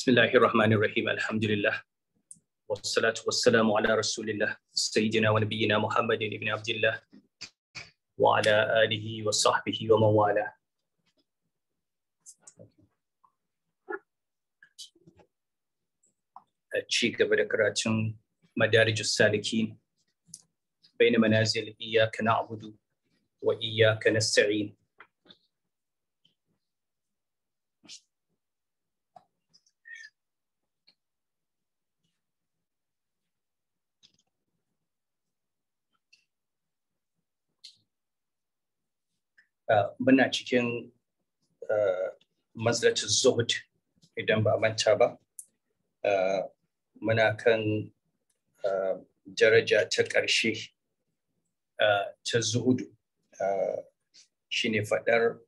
Bismillahir Rahmanir Rahim. Alhamdulillah. Wassalatu wassalamu ala Rasulillah Sayyidina wa nabiyyina Muhammadin ala alihi wa sahbihi wa man Ci gaba da karatun Madarijus Salikin baina manazil iyyaka abudu wa na sa'in muna cikin eh, mazlatar zuhud idan ba manta ba eh, muna kan eh, daraja ta ƙarshe ta zuhudu shine faɗar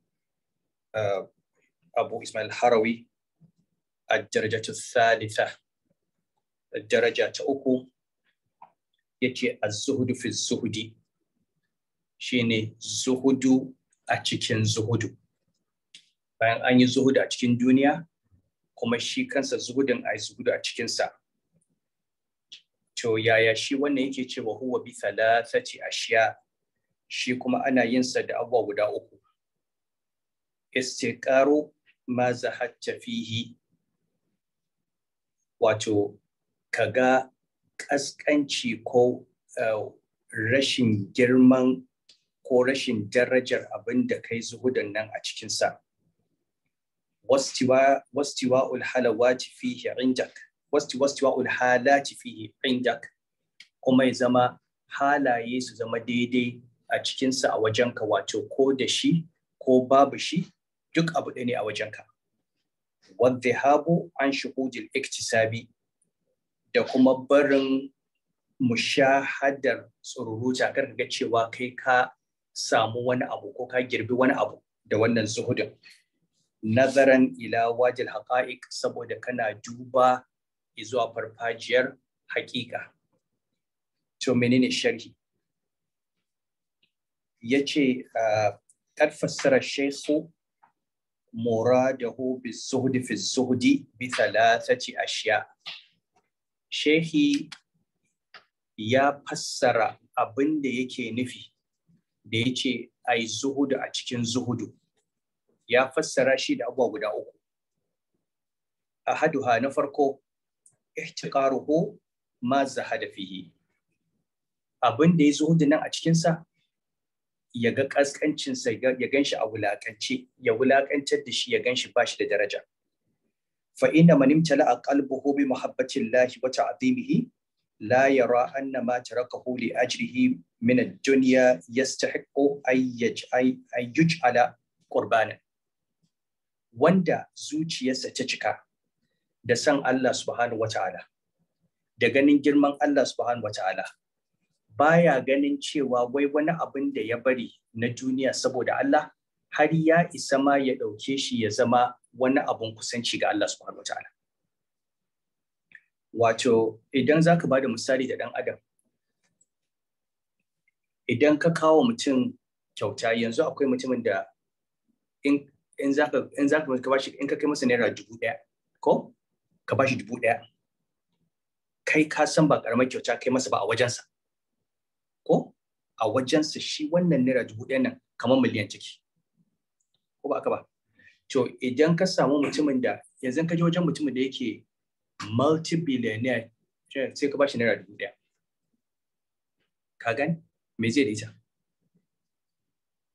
abu ismail harawi a ta salita daraja ta uku yake a zuhudu fi zuhudi shine zuhudu a cikin zuhudu bayan an yi zuhudu a cikin duniya kuma shi kansa zuhudin a yi zuhudu a cikinsa to yaya shi wannan yake cewa huwa bi a ashiya shi kuma ana yin sa da abubuwa guda uku istiqaru ma zahatta fihi wato kaga kaskanci ko eh, rashin girman ko rashin darajar abin da kai zuhudan nan a cikinsa. Wastiwa ulhalawati fihi indak, wastiwa ulhalati fihi kuma ya zama halaye su zama daidai a cikinsa a wajenka wato ko da shi ko babu shi duk abu ɗaya ne a wajenka. Wadda habu an shuhudil iktisabi da kuma barin mushahadar tsororo kar ga cewa kai ka samu wani abu ko ka girbi wani abu da wannan zuhudin nazaran ila wajil haqa'iq saboda kana duba zuwa farfajiyar haƙiƙa to menene sharhi yace kad ah, fassara shaykhu muradahu zuhdi fi zuhdi bi thalathati ashiya shehi ya fassara abinda yake nufi da ya ce a yi zuhudu a cikin zuhudu ya fassara shi da abubuwa guda uku A ahaduha na farko ihtiqaruhu ma zahada fihi abin da ya zuhudu nan a cikinsa ya ga ƙasƙancinsa ya ganshi a wulakance ya wulaƙantar da shi ya ganshi ba shi da daraja fa inna man imtala qalbuhu bi muhabbatillahi wa ta'dhimihi لا يرى أن ما تركه لأجله من الدنيا يستحق أن يجعل قربانا wanda zuciyarsa ta cika da san Allah subhanahu wa ta'ala, da ganin girman Allah subhanahu wa ta'ala, baya ganin cewa wai wani abin da ya bari na duniya saboda Allah har ya isa ma ya ɗauke shi ya zama wani abun kusanci ga Allah subhanahu wa ta'ala. Wato, idan za ka ba da misali da ɗan adam, idan ka kawo mutum kyauta yanzu akwai mutumin da in za ka in ka kai masa naira dubu ɗaya, ko? Ka ba shi dubu ɗaya. Kai ka san ba ƙaramar kyauta kai masa ba a wajensa, ko? A wajensa shi wannan naira dubu ɗaya nan kamar miliyan ciki. Ko ba ka ba? To, idan ka samu mutumin da yanzu ka je wajen mutumin da yake multi-billionaire sai ka dubu ɗaya ka gani me zai da ita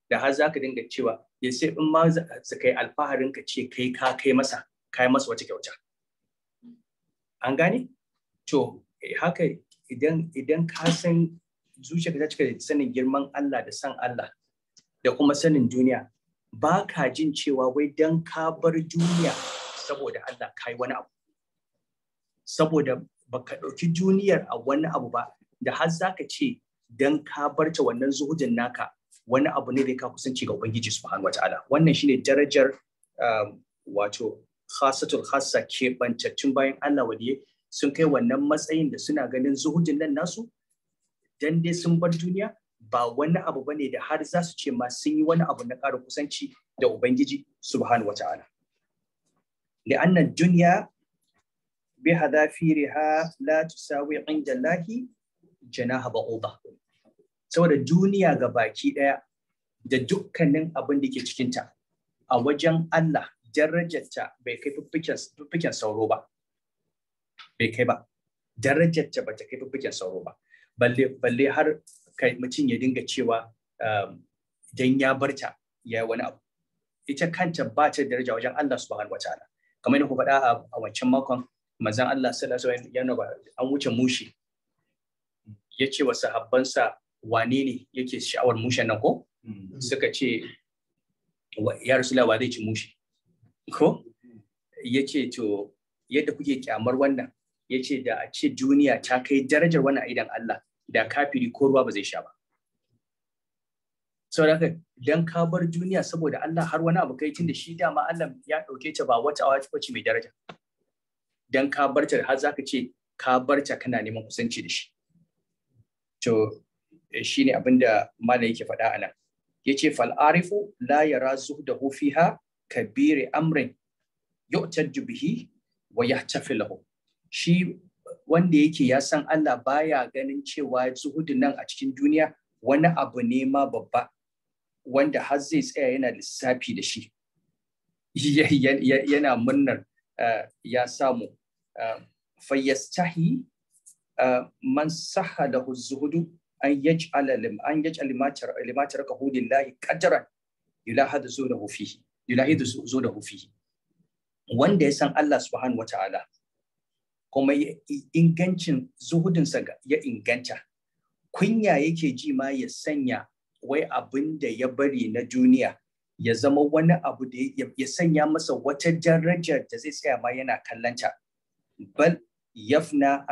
da har za ka dinga cewa ya sai in ma za ka yi alfaharin ka ce kai ka kai masa ka yi masa wata kyauta an gane to eh, haka idan ka san zuciya ka cika da sanin girman Allah da san Allah da kuma sanin duniya ba ka jin cewa wai dan ka bar duniya saboda Allah kai wani abu saboda baka ɗauki duniyar a wani abu ba da har za ka ce don ka barta wannan zuhudin naka wani abu ne da ka kusanci ga ubangiji subhanahu wataala wannan shine darajar um, wato khasatul khassa ke bantattun bayan Allah waliye sun kai wannan matsayin da suna ganin zuhudin nan nasu dan dai sun bar duniya ba wani abu bane da har za su ce ma sun yi wani abu na ƙara kusanci da ubangiji subhanahu wataala li'anna dunya بهذا فيرها لا تساوي عند الله جناح بعوضة saboda duniya ga baki ɗaya da dukkanin abin da ke cikinta a wajen Allah darajarta bai kai fiffiken sauro ba bai kai ba darajarta ba ta kai fiffiken sauro ba balle har mutum ya dinga cewa um, dan ya barta ya yi wani abu ita kanta ba ta daraja wajen Allah subhanahu wa ta'ala kamar yadda ku faɗa a wancan makon Manzan Allah sallallahu alaihi wasallam an wuce mushi yace wa sahabbansa wane ne yake sha'awar mushen nan ko hmm. suka ce ya rasulullah wa zai ci mushi ko yace to yadda kuke kyamar wannan yace da a ce duniya ta kai darajar wannan idan Allah da kafiri ko ruwa ba zai sha ba saboda dan ka bar duniya saboda Allah har wani abu kai tunda shi dama Allah ya dauke ta ba wata awa mai daraja dan ka barta har zaka ce ka barta kana neman kusanci da shi to eh, shine abin da malam yake faɗa anan yace fal arifu la da zuhdahu fiha kabiri amrin yu'taju bihi wa yahtafilahu shi wanda yake ya san Allah baya ganin cewa zuhudin nan a cikin duniya wani abu ne ma babba wanda har zai tsaya yana lissafi da shi yana murnar Uh, ya samu uh, fayyastahi uh, man saha da zuhudu an yaj'ala an yaj'al limatar ka hudillahi qadran yulahadu zuhudahu fihi yulahidu zuhudahu fihi wanda ya san Allah subhanahu wataala kuma ingancin zuhudinsa ya inganta kunya yake ji ma ya sanya wai abin da ya bari na duniya ya zama wani abu da ya sanya masa wata darajar da zai tsaya ma yana kallanta bal yafna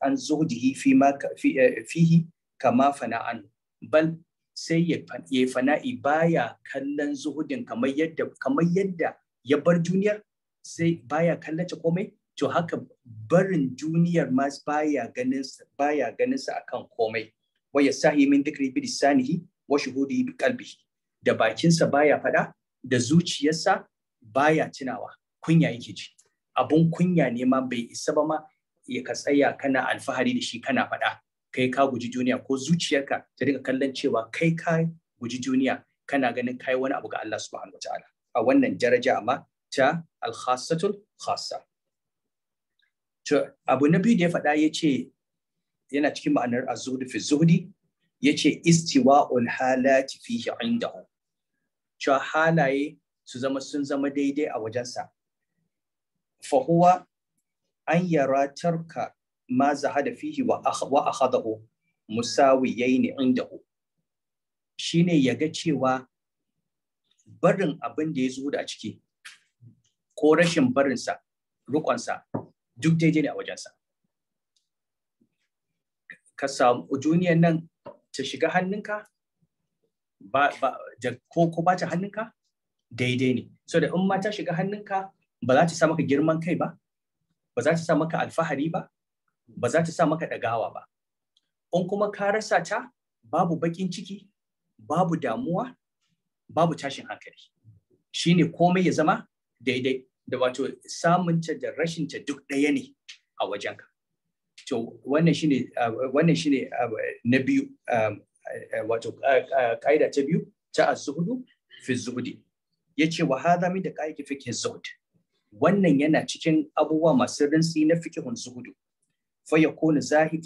an zuhdihi fi ma eh, fihi kama an bal sai ya fana'i baya kallon zuhudin kamar yadda kamar yadda ya bar duniyar sai baya kallace komai to haka barin duniyar ma baya ganin baya ganin sa akan komai wa yasahi min dhikri bi lisanihi wa shuhudi bi qalbihi da bakinsa baya faɗa da zuciyarsa baya tunawa kunya yake ji abun kunya ne ma bai isa ba ma ya ka tsaya kana alfahari da shi kana faɗa kai ka guji duniya ko zuciyarka ta dinga kallon cewa kai ka guji duniya kana ganin kai wani abu ga Allah subhanahu wataala a wannan daraja ma ta al-khassatul khassa to abu na biyu da ya faɗa ya ce yana cikin ma'anar az fi zuhdi yace istiwa'ul halati fihi cewa halaye su zama sun zama daidai a wajensa fahuwa an yara tarka ma zahada fihi wa akhadahu musawiyaini Shi ne ya ga cewa barin abin da ya zo da ciki ko rashin barinsa rukonsa duk daidai ne a wajensa ka samu duniyan nan ta shiga hannunka ba ko ko ba ta hannunka daidai ne so da in ma ta shiga hannunka ba za ta sa maka girman kai ba ba za ta sa maka alfahari ba ba za ta sa maka dagawa ba in kuma ka rasa ta babu bakin ciki babu damuwa babu tashin hankali shine komai ya zama daidai da wato samunta da rashinta duk ɗaya ne a wajenka to wannan shine ah, wannan shine ah, na biyu ah, wato ƙa'ida ta biyu ta azzuhudu fi fi ya yace wa haza min da fiqh fi zuhd wannan yana cikin abubuwa masu rinsi na fikihun zuhudu fa zahi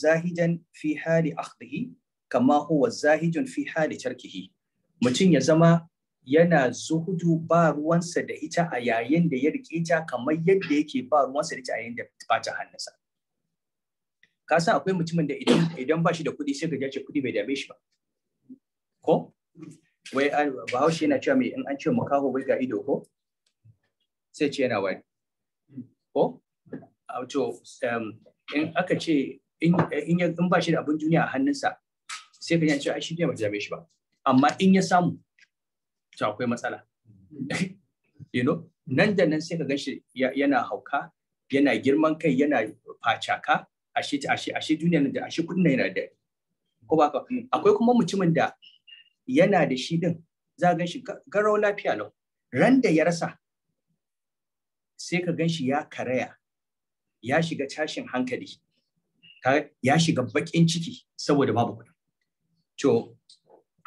zahidan fi hali akhdihi kama huwa zahidun fi hali tarkihi mutum ya zama yana zuhudu ba ruwansa da ita a yayin da ya rike ta kamar yadda yake ba ruwansa da ita a yayin da ta hannunsa ka san akwai mutumin da idan idan ba shi da kuɗi sai ga ce kuɗi bai dame shi ba ko wai bahaushe yana cewa mai in an ce makaho wai ga ido ko sai ce yana wani ko to um, in aka ce in in ba shi da abin duniya a hannunsa sai ka ce ai shi ne dame shi ba amma in ya samu to akwai matsala you know nan da nan sai ka ganshi yana hauka yana girman kai yana facaka ashe ashe ashe duniya da ashe kudin yana da ko ba ka mm. akwai kuma mutumin da yana da shi din za ka shi garau lafiya lau ran da ya rasa sai ka gan shi ya karaya ya shiga tashin hankali ya shiga bakin ciki saboda babu kuɗi to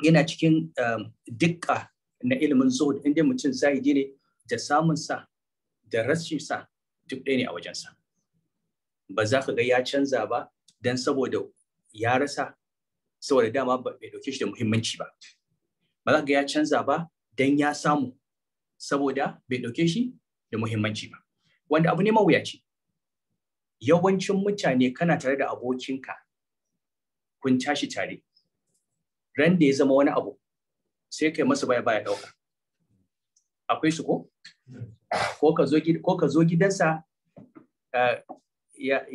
yana cikin um, dukka na ilimin zuhud inda mutum zai ne da samun sa da rashin sa duk ɗaya ne a wajensa. sa ba za ka ga ya canza ba don saboda ya rasa saboda dama bai ɗauke shi da muhimmanci ba ba za ka ga ya canza ba don ya samu saboda bai ɗauke shi da muhimmanci ba wanda abu ne mawuyaci yawancin mutane kana tare da abokinka kun tashi tare ran da ya zama wani abu sai kai masa baya baya ɗauka akwai su ko hmm. ko ka zo gidansa eh, ya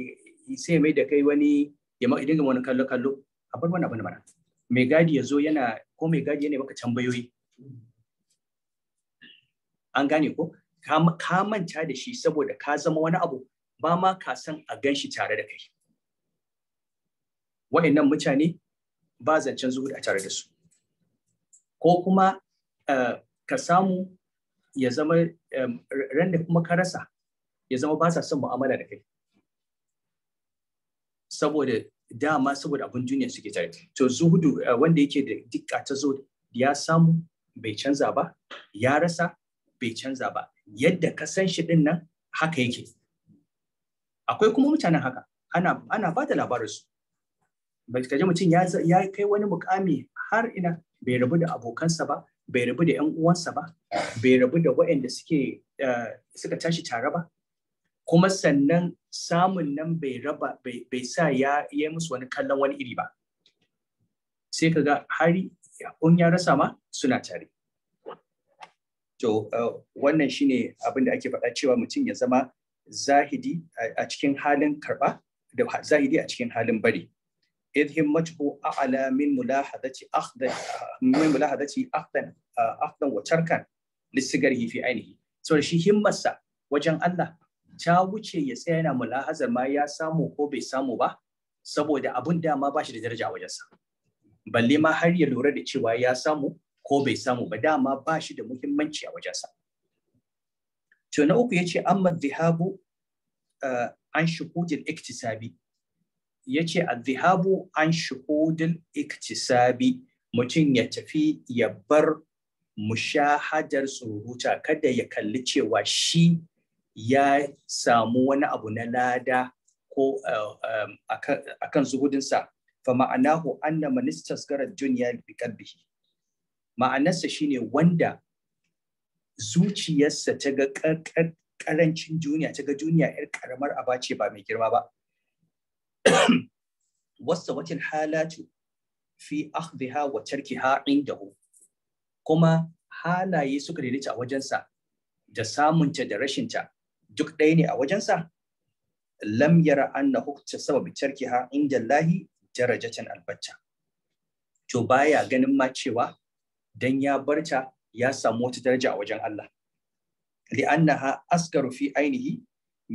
mai da kai wani ya ma dinga wani kallo kallo a bar wani abu na mana mai gadi ya zo yana ko mai gadi yana maka tambayoyi an gane ko ka manta da shi saboda ka zama wani abu ba ma ka san a gan shi tare da kai waɗannan mutane ba zancen zuhud a tare da su ko kuma eh, ka samu ya zama eh, ran da kuma ka rasa ya zama ba sa son mu'amala da kai saboda dama saboda abin duniya suke tare to zuhudu eh, wanda yake da dikka ta zo ya samu bai canza ba ya rasa bai canza ba yadda ka san shi din nan haka yake akwai kuma mutanen haka ana ana ba da labarinsu kaje mutum ya kai wani mukami har ina bai rabu da abokansa ba bai rabu da 'yan uwansa ba bai rabu da waɗanda suke eh, suka tashi tare ba kuma sannan samun nan bai raba bai sa ya yi musu wani kallon wani iri ba sai ka ga hari in ya rasa ma suna tare to eh, wannan shine abin da ake faɗa cewa mutum ya zama zahidi a cikin halin karɓa da zahidi a cikin halin bari إذ همته أعلى من ملاحظة أخذ من ملاحظة أخذا أخذا وتركا للسجره في عينه. سوري شي همسا وجن الله ta wuce ya tsaya yana mulahazar ma ya samu ko bai samu ba saboda abun dama ba shi da daraja a wajensa balle ma har ya lura da cewa ya samu ko bai samu ba dama ba shi da muhimmanci a wajensa to na uku yace amma dhihabu eh, an shuhudil iktisabi yace an shuhudil iktisabi mutum ya tafi ya bar mushahadar surutu kada ya kalli cewa shi ya samu wani abu na lada ko eh, eh, a kan zuhudinsa fa ma'anahu anna man istasgara duniya bi qalbihi ma'anarsa shine wanda zuciyarsa ta ga karancin duniya ta ga duniya yar ƙaramar aba ce ba mai girma ba wasu watil halatu fi akhdhiha wa tarkiha indahu kuma halaye suka daidaita a wajensa da samunta da rashinta duk ɗaya ne a wajensa lam yara hukunta hukta carki ha inda lahi darajatan albacca to baya ganin ma cewa dan ya barta ya samu wata daraja a wajen Allah li'annaha askaru fi ainihi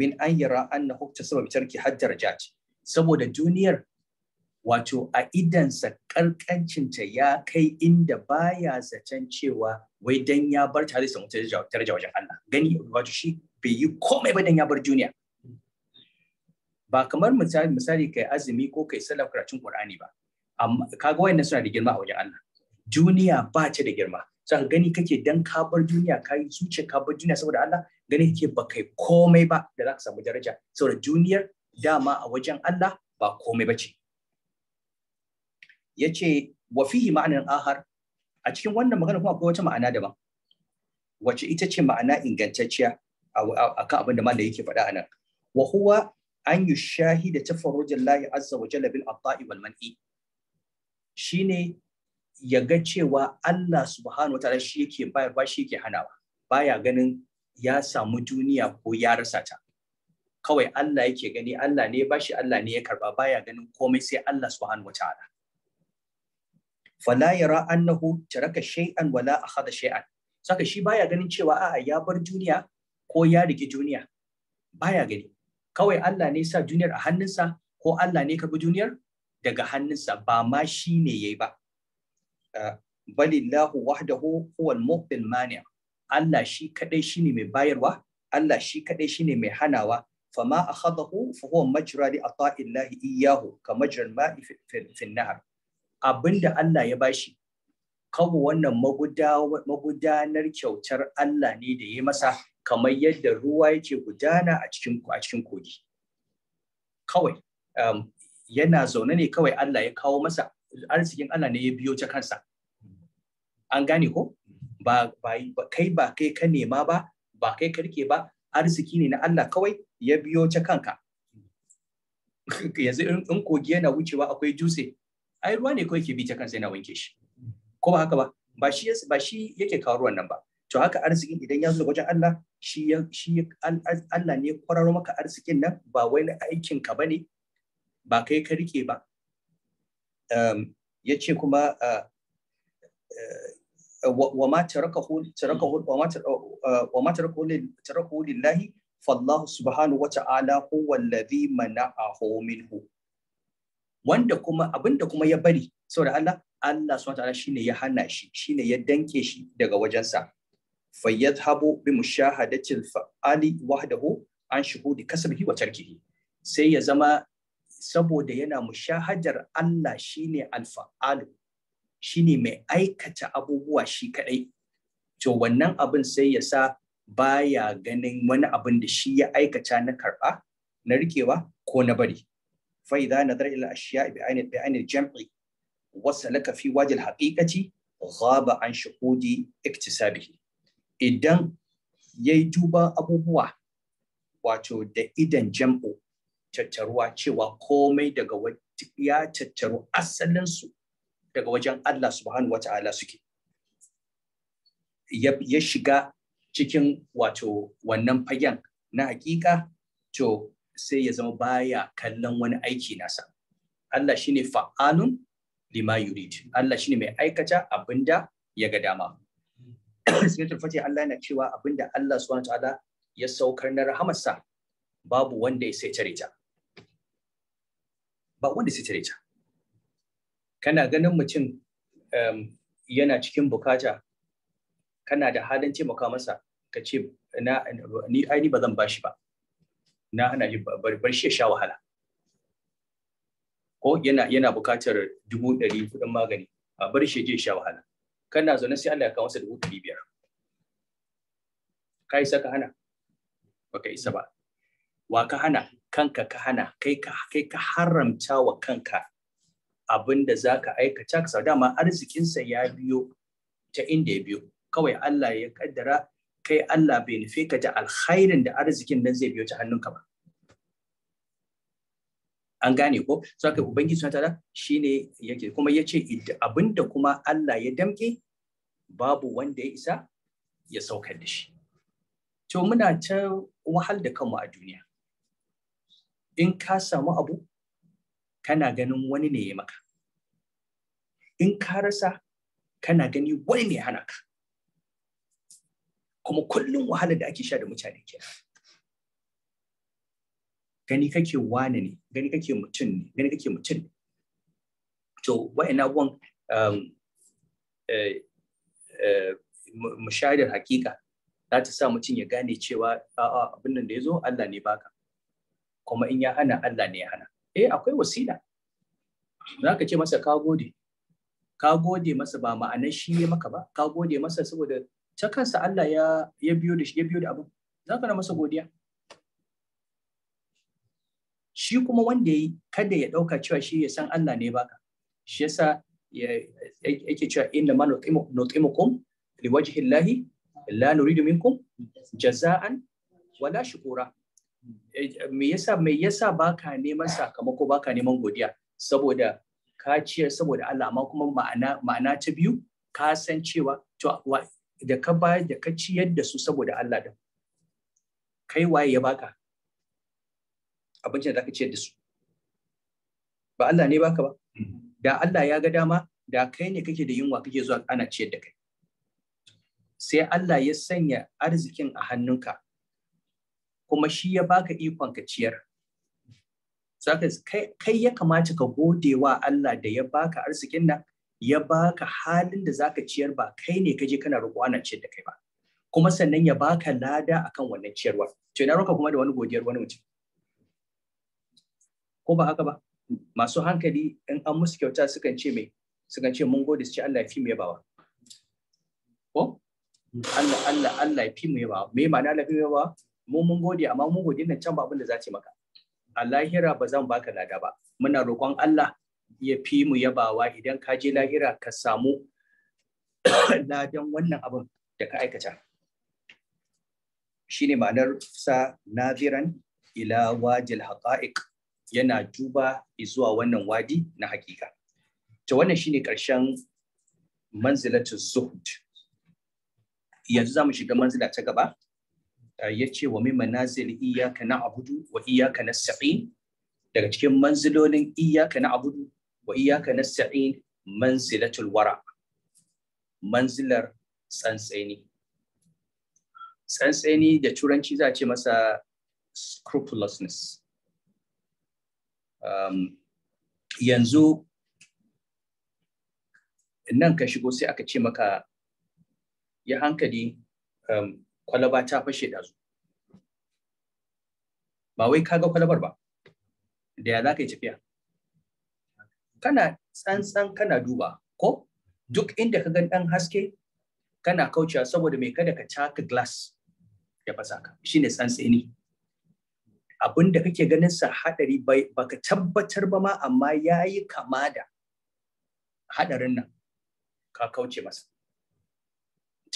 min an yara na hukta sabab carki har darajat saboda duniyar wato a idansa karkancinta ya kai inda baya zaton cewa wai dan ya barta zai samu daraja wajen Allah gani wato shi bai yi komai ba dan ya bar duniya ba kamar misali misali kai azumi ko kai sallar karatun Qur'ani ba amma kaga wayannan suna da girma a wajen Allah duniya ba ce da girma sai gani kake dan ka bar duniya ka yi zuce ka bar duniya saboda Allah gani kake ba kai komai ba da zaka samu daraja saboda duniyar dama a wajen Allah ba komai bace yace wa fihi ma'anan ahar a cikin wannan magana kuma akwai wata ma'ana daban Wace ita ce ma'ana ingantacciya akan abin da malam yake faɗa anan wa huwa an da tafarrujin lahi azza wa jalla bil ata'i wal man'i shine ya ga cewa Allah subhanahu wa ta'ala shi yake bayarwa shi yake hanawa baya ganin ya samu duniya ko ya rasa ta kawai Allah yake gani Allah ne bashi Allah ne ya karba baya ganin komai sai Allah subhanahu wataala fala yara annahu taraka shay'an wala akhadha shay'an saka shi baya ganin cewa a'a ya bar duniya ko ya riki duniya baya gani kawai Allah ne sa duniyar a hannunsa ko Allah ne karbi duniyar daga hannunsa ba ma shi ne yayi ba uh, balillahu wahdahu huwal muqbil mani Allah shi kadai shine mai bayarwa Allah shi kadai shine mai hanawa fama akhadahu fa huwa majra li ata'illahi iyyahu ka majral ma'i fi nahar abinda Allah ya bashi kawai wannan magudanar kyautar Allah ne da ya masa kamar yadda ruwa yake gudana a cikin a cikin kogi kawai um, yana zaune ne kawai Allah ya kawo masa arzikin Allah ne ya biyo ta kansa an gane ko ba, ba, kai ba kai ka nema ba ba kai ka rike ba arziki ne na Allah kawai ya biyo ta kanka yanzu in kogi yana wucewa akwai dutse ai ruwa ne kawai ke bi ta kansa yana wanke shi ko ba haka ba ba shi ba shi yake kawo ruwan nan ba to haka arzikin idan ya zo daga wajen Allah shi shi Allah ne kwararo maka arzikin nan ba na aikin ka bane ba kai ka rike ba um, ya kuma wa ma tarakahu wa ma tarakahu lillahi fallahu subhanahu wa ta'ala huwa alladhi mana'ahu minhu wanda kuma abinda kuma ya bari saboda Allah Allah subhanahu wa ta'ala shine ya hana shi shine ya danke shi daga wajensa fayyadhabu bi mushahadatil fa'ali wahdahu an shuhudi kasbihi wa tarkihi sai ya zama saboda yana mushahadar Allah shine alfa'alu shine mai aikata abubuwa shi kadai to wannan abin sai ya sa baya ganin wani abin da shi ya aikata na karba na rikewa ko na bari fa idza nadara ila ashiya'i bi ayni bi ayni jam'i wasalaka fi wajil haqiqati ghaba an shuhudi iktisabihi idan ya yi duba abubuwa wato da idan jam'u tattaruwa cewa komai daga ya tattaru asalinsu daga wajen Allah subhanahu wa ta'ala suke ya shiga cikin wato wannan fagen na hakika to sai ya zama baya kallon wani aiki nasa Allah shine fa'alun lima yurid Allah shine mai aikata abinda ya ga dama ta fati Allah yana cewa abinda Allah subhanahu ta'ala ya saukar na rahamarsa babu wanda ya sai tare ta ba wanda sai tare ta kana ganin mutum um, yana cikin bukata kana da halin taimaka masa ka ce ni ai ni ba zan bashi ba na ana bar shi ya sha wahala ko yana yana bukatar dubu ɗari kuɗin magani a bar shi ya je sha wahala kana zaune sai Allah ya kawo masa dubu ɗari biyar ka isa ka hana ka isa ba wa ka hana kanka ka hana kai ka kai ka haramta wa kanka abin da za ka aikata ka dama arzikinsa ya biyo ta inda ya biyo kawai Allah ya kaddara kai Allah bai nufe ka da alkhairin da arzikin nan zai biyo ta hannunka ba an gane ko so na ubangiji subhanahu tada shine yake kuma yace abinda kuma Allah ya damke babu wanda ya isa ya saukar da shi to muna ta wahal da kanmu a duniya in ka samu abu kana ganin wani ne ya maka in ka rasa kana gani wani ne hana ka kuma kullum wahala da ake sha da mutane kenan gani kake wane ne gani kake mutum ne gani kake mutum ne to wa'in abubuwan um, eh, eh, mushahidar hakika za ta sa mutum ya gane cewa a'a abin da ya zo Allah ne baka kuma in ya hana Allah ne ya hana eh akwai wasila za ka ce masa ka gode ka gode masa ba ma'anar shi ya maka ba ka gode masa saboda ta kansa Allah da shi ya biyo da abin za ka na masa godiya shi kuma wanda ya yi kada ya ɗauka cewa shi ya san Allah ne baka shi yasa yake cewa inna ma nutimukum liwajhi llahi la nuridu minkum jaza'an wala shukura eh, me yasa me yasa baka neman sakamako baka neman godiya saboda ka ciyar saboda Allah amma kuma ma'ana ma'ana ta biyu ka san cewa to da ka bayar da ka ciyar da su saboda Allah da kai waye ya baka abincin da ka ciyar da su ba Allah ne baka ba mm-hmm. da Allah ya ga dama da kai ne kake da yunwa kake zuwa ana ciyar da kai sai Allah ya sanya arzikin a hannunka kuma shi ya baka ikon ka ciyar saka kai ya kamata ka gode wa Allah da ya baka arzikin nan ya baka halin da zaka ciyar ba kai ne kaje kana roƙo ana ciyar da kai ba kuma sannan ya baka lada akan wannan ciyarwa to na roƙa kuma da wani godiyar wani mutum ko ba haka ba masu hankali in an musu kyauta sukan ce mai sukan ce mun gode su ce Allah ya fi mu yabawa ko Allah Allah Allah ya fi mu yabawa me ma'ana Allah ya fi mu yabawa mu mun gode amma mun gode nan can ba abin da za ce maka a lahira ba zan baka lada ba muna roƙon Allah ya fi mu yabawa idan ka je lahira ka samu ladan wannan abin da ka aikata shine ma'anar sa naziran ila wajil haqa'iq yana duba zuwa wannan wadi na hakika to wannan shine karshen manzilatul zuhud yanzu mu shiga manzila ta gaba eh, ya ce wa min manazil iyyaka na'budu wa iyyaka nasta'in daga cikin manzilolin iyyaka na'budu wa iyyaka nasta'in manzilatul wara manzilar tsantsaini tsantsaini da turanci za a ce masa scrupulousness um, yanzu nan ka shigo sai aka ce maka ya hankali um, kwalaba ta fashe ɗazu ba wai kaga kwalabar ba da ya za ka yi tafiya kana tsantsan kana duba ko duk inda ka gan ɗan haske kana kaucewa saboda mai kada ka taka glass ya fasa ka shine tsantsani abin da kake ganin sa hadari baka tabbatar ba ma amma yayi kama da hadarin nan ka kauce masa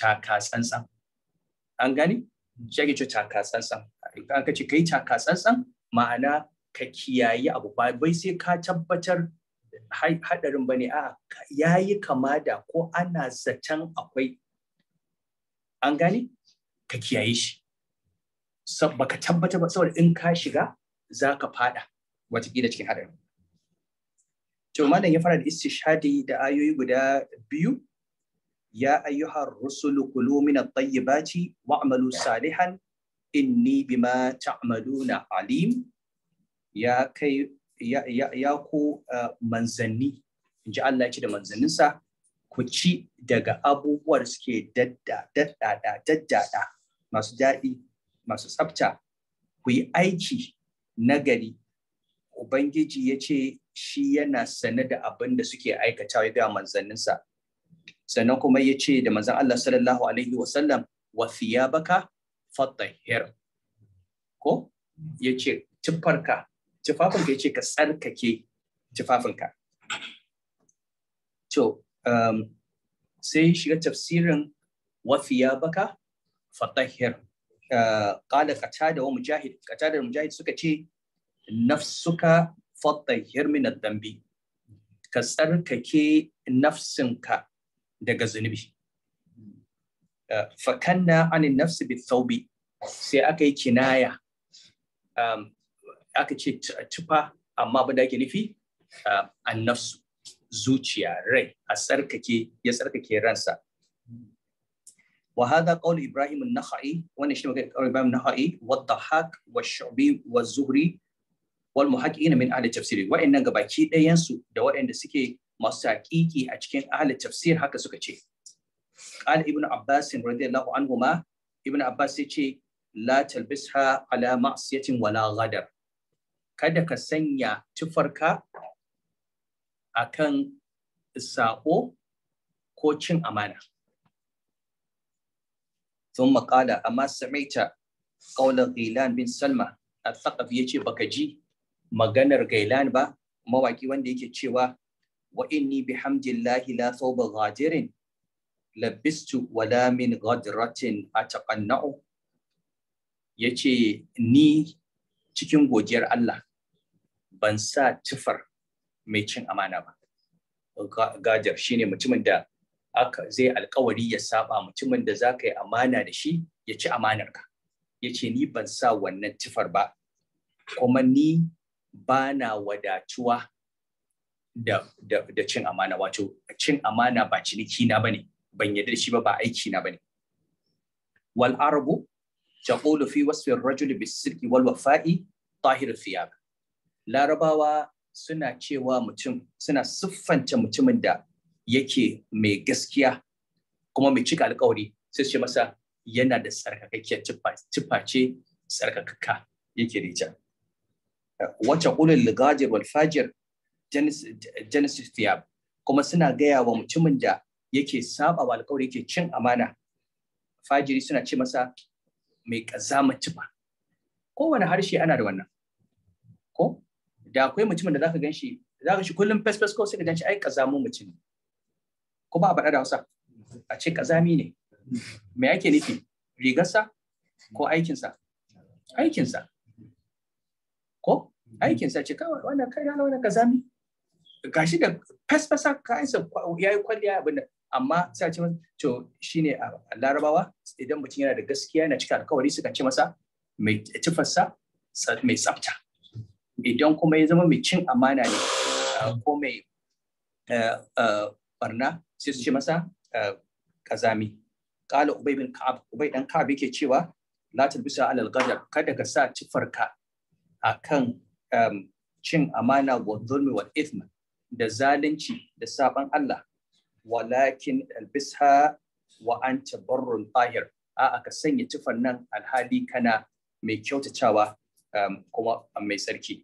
taka tsantsan an gani shage ce taka tsantsan an kace kai taka tsantsan ma'ana ka kiyayi abu ba bai sai ka tabbatar hadarin bane a yayi kama da ko ana zaton akwai an gani ka kiyaye shi baka tabbata ba saboda in ka shiga za ka fada watakila cikin haɗari. To malam ya fara da istishadi da ayoyi guda biyu ya ayyuhar rusulu kulu min at-tayyibati wa'malu salihan inni bima ta'maluna alim ya kai ya ya, ya ku eh, manzanni inji Allah ya ce da manzanninsa ku ci daga abubuwar suke dadda dadda daddada masu daɗi masu tsafta ku yi aiki nagari ubangiji ya ce shi yana sane da abin da suke aikatawa ya ga manzanninsa sannan kuma ya ce da manzan Allah sallallahu alaihi wasallam wa thiyabaka fatahir ko ya ce tufarka tufafinka ya ce ka tsarkake tufafinka to um, sai shiga tafsirin wa thiyabaka fatahir qala qatada wa mujahid qatada da mujahid suka ce nafsuka fatahhir min ad-dambi ka tsarkake nafsinka daga zunubi fakanna anin nafsi bi thawbi sai aka yi kinaya aka ce tufa amma ba da ake nufi an nafsu zuciya rai a tsarkake ya tsarkake ransa وهذا قول ابراهيم النخعي وانا شنو قول ابراهيم النخعي والضحاك والشعبي والزهري والمحققين من اهل التفسير وان gabaki dayan su da waɗanda suke masu hakiki a cikin ahli tafsir haka suka ce قال ابن عباس رضي الله عنهما ابن عباس yace la talbisha ala ma'siyatin wala ghadar kada ka sanya tufarka a kan sa'o ko cin amana ثم قال أما سمعت قول غيلان بن سلمى الثقفي يجي ji maganar gailan ba mawaki wanda yake cewa wa inni bihamdillahi la thawba ghadirin labistu wala min ghadratin ataqanna'u yace ni cikin godiyar Allah ban sa tufar mai cin amana ba gajar shine mutumin da aka zai alkawari ya saba mutumin da za ka yi amana da shi ya ci amanarka ya ce ni ban sa wannan tifar ba kuma ni ba na wadatuwa da, da, da cin amana wato cin amana ba ciniki na ba ne? ban yarda da shi ba ba aiki na bane wal arabu taqulu fi wasfi rajuli bis sirki wal wafa'i tahir fiyar larabawa suna cewa mutum suna siffanta mutumin da yake mai gaskiya kuma mai cika alkawari sai ce masa yana da tsarkakakkiyar ciffa ce tsarkakakka yake da ita wacce ulul ligajir wal fajir genesis tiyab kuma suna gaya wa mutumin da yake saba wa alkawari yake cin amana fajiri suna ce masa mai kazama cifa kowane harshe ana da wannan ko da akwai mutumin da zaka gan shi zaka shi kullum fes fes ko sai ka gan shi ai kazamu mutum ko ba a faɗa da Hausa a ce kazami ne me yake nufi rigarsa ko aikinsa aikinsa ko aikinsa ce kawai wannan kai na wannan kazami gashi da fesfesa kayansa ya yi kwalliya abin da amma sai a ce masa to shine a larabawa idan mutum yana da gaskiya yana cika alkawari suka ce masa mai tufarsa mai tsafta idan kuma ya zama mai cin amana ne ko mai eh, eh, barna sai su ce masa eh, kazami qala ubay bin ka'ab ubay dan ka'ab yake cewa la talbisa al ghadab kada ka sa A akan cin amana wa zulmi wa ithma da zalunci da saban Allah walakin albisha wa anta barrun tahir a aka sanya tufan nan alhali kana mai kyautatawa kuma mai sarki.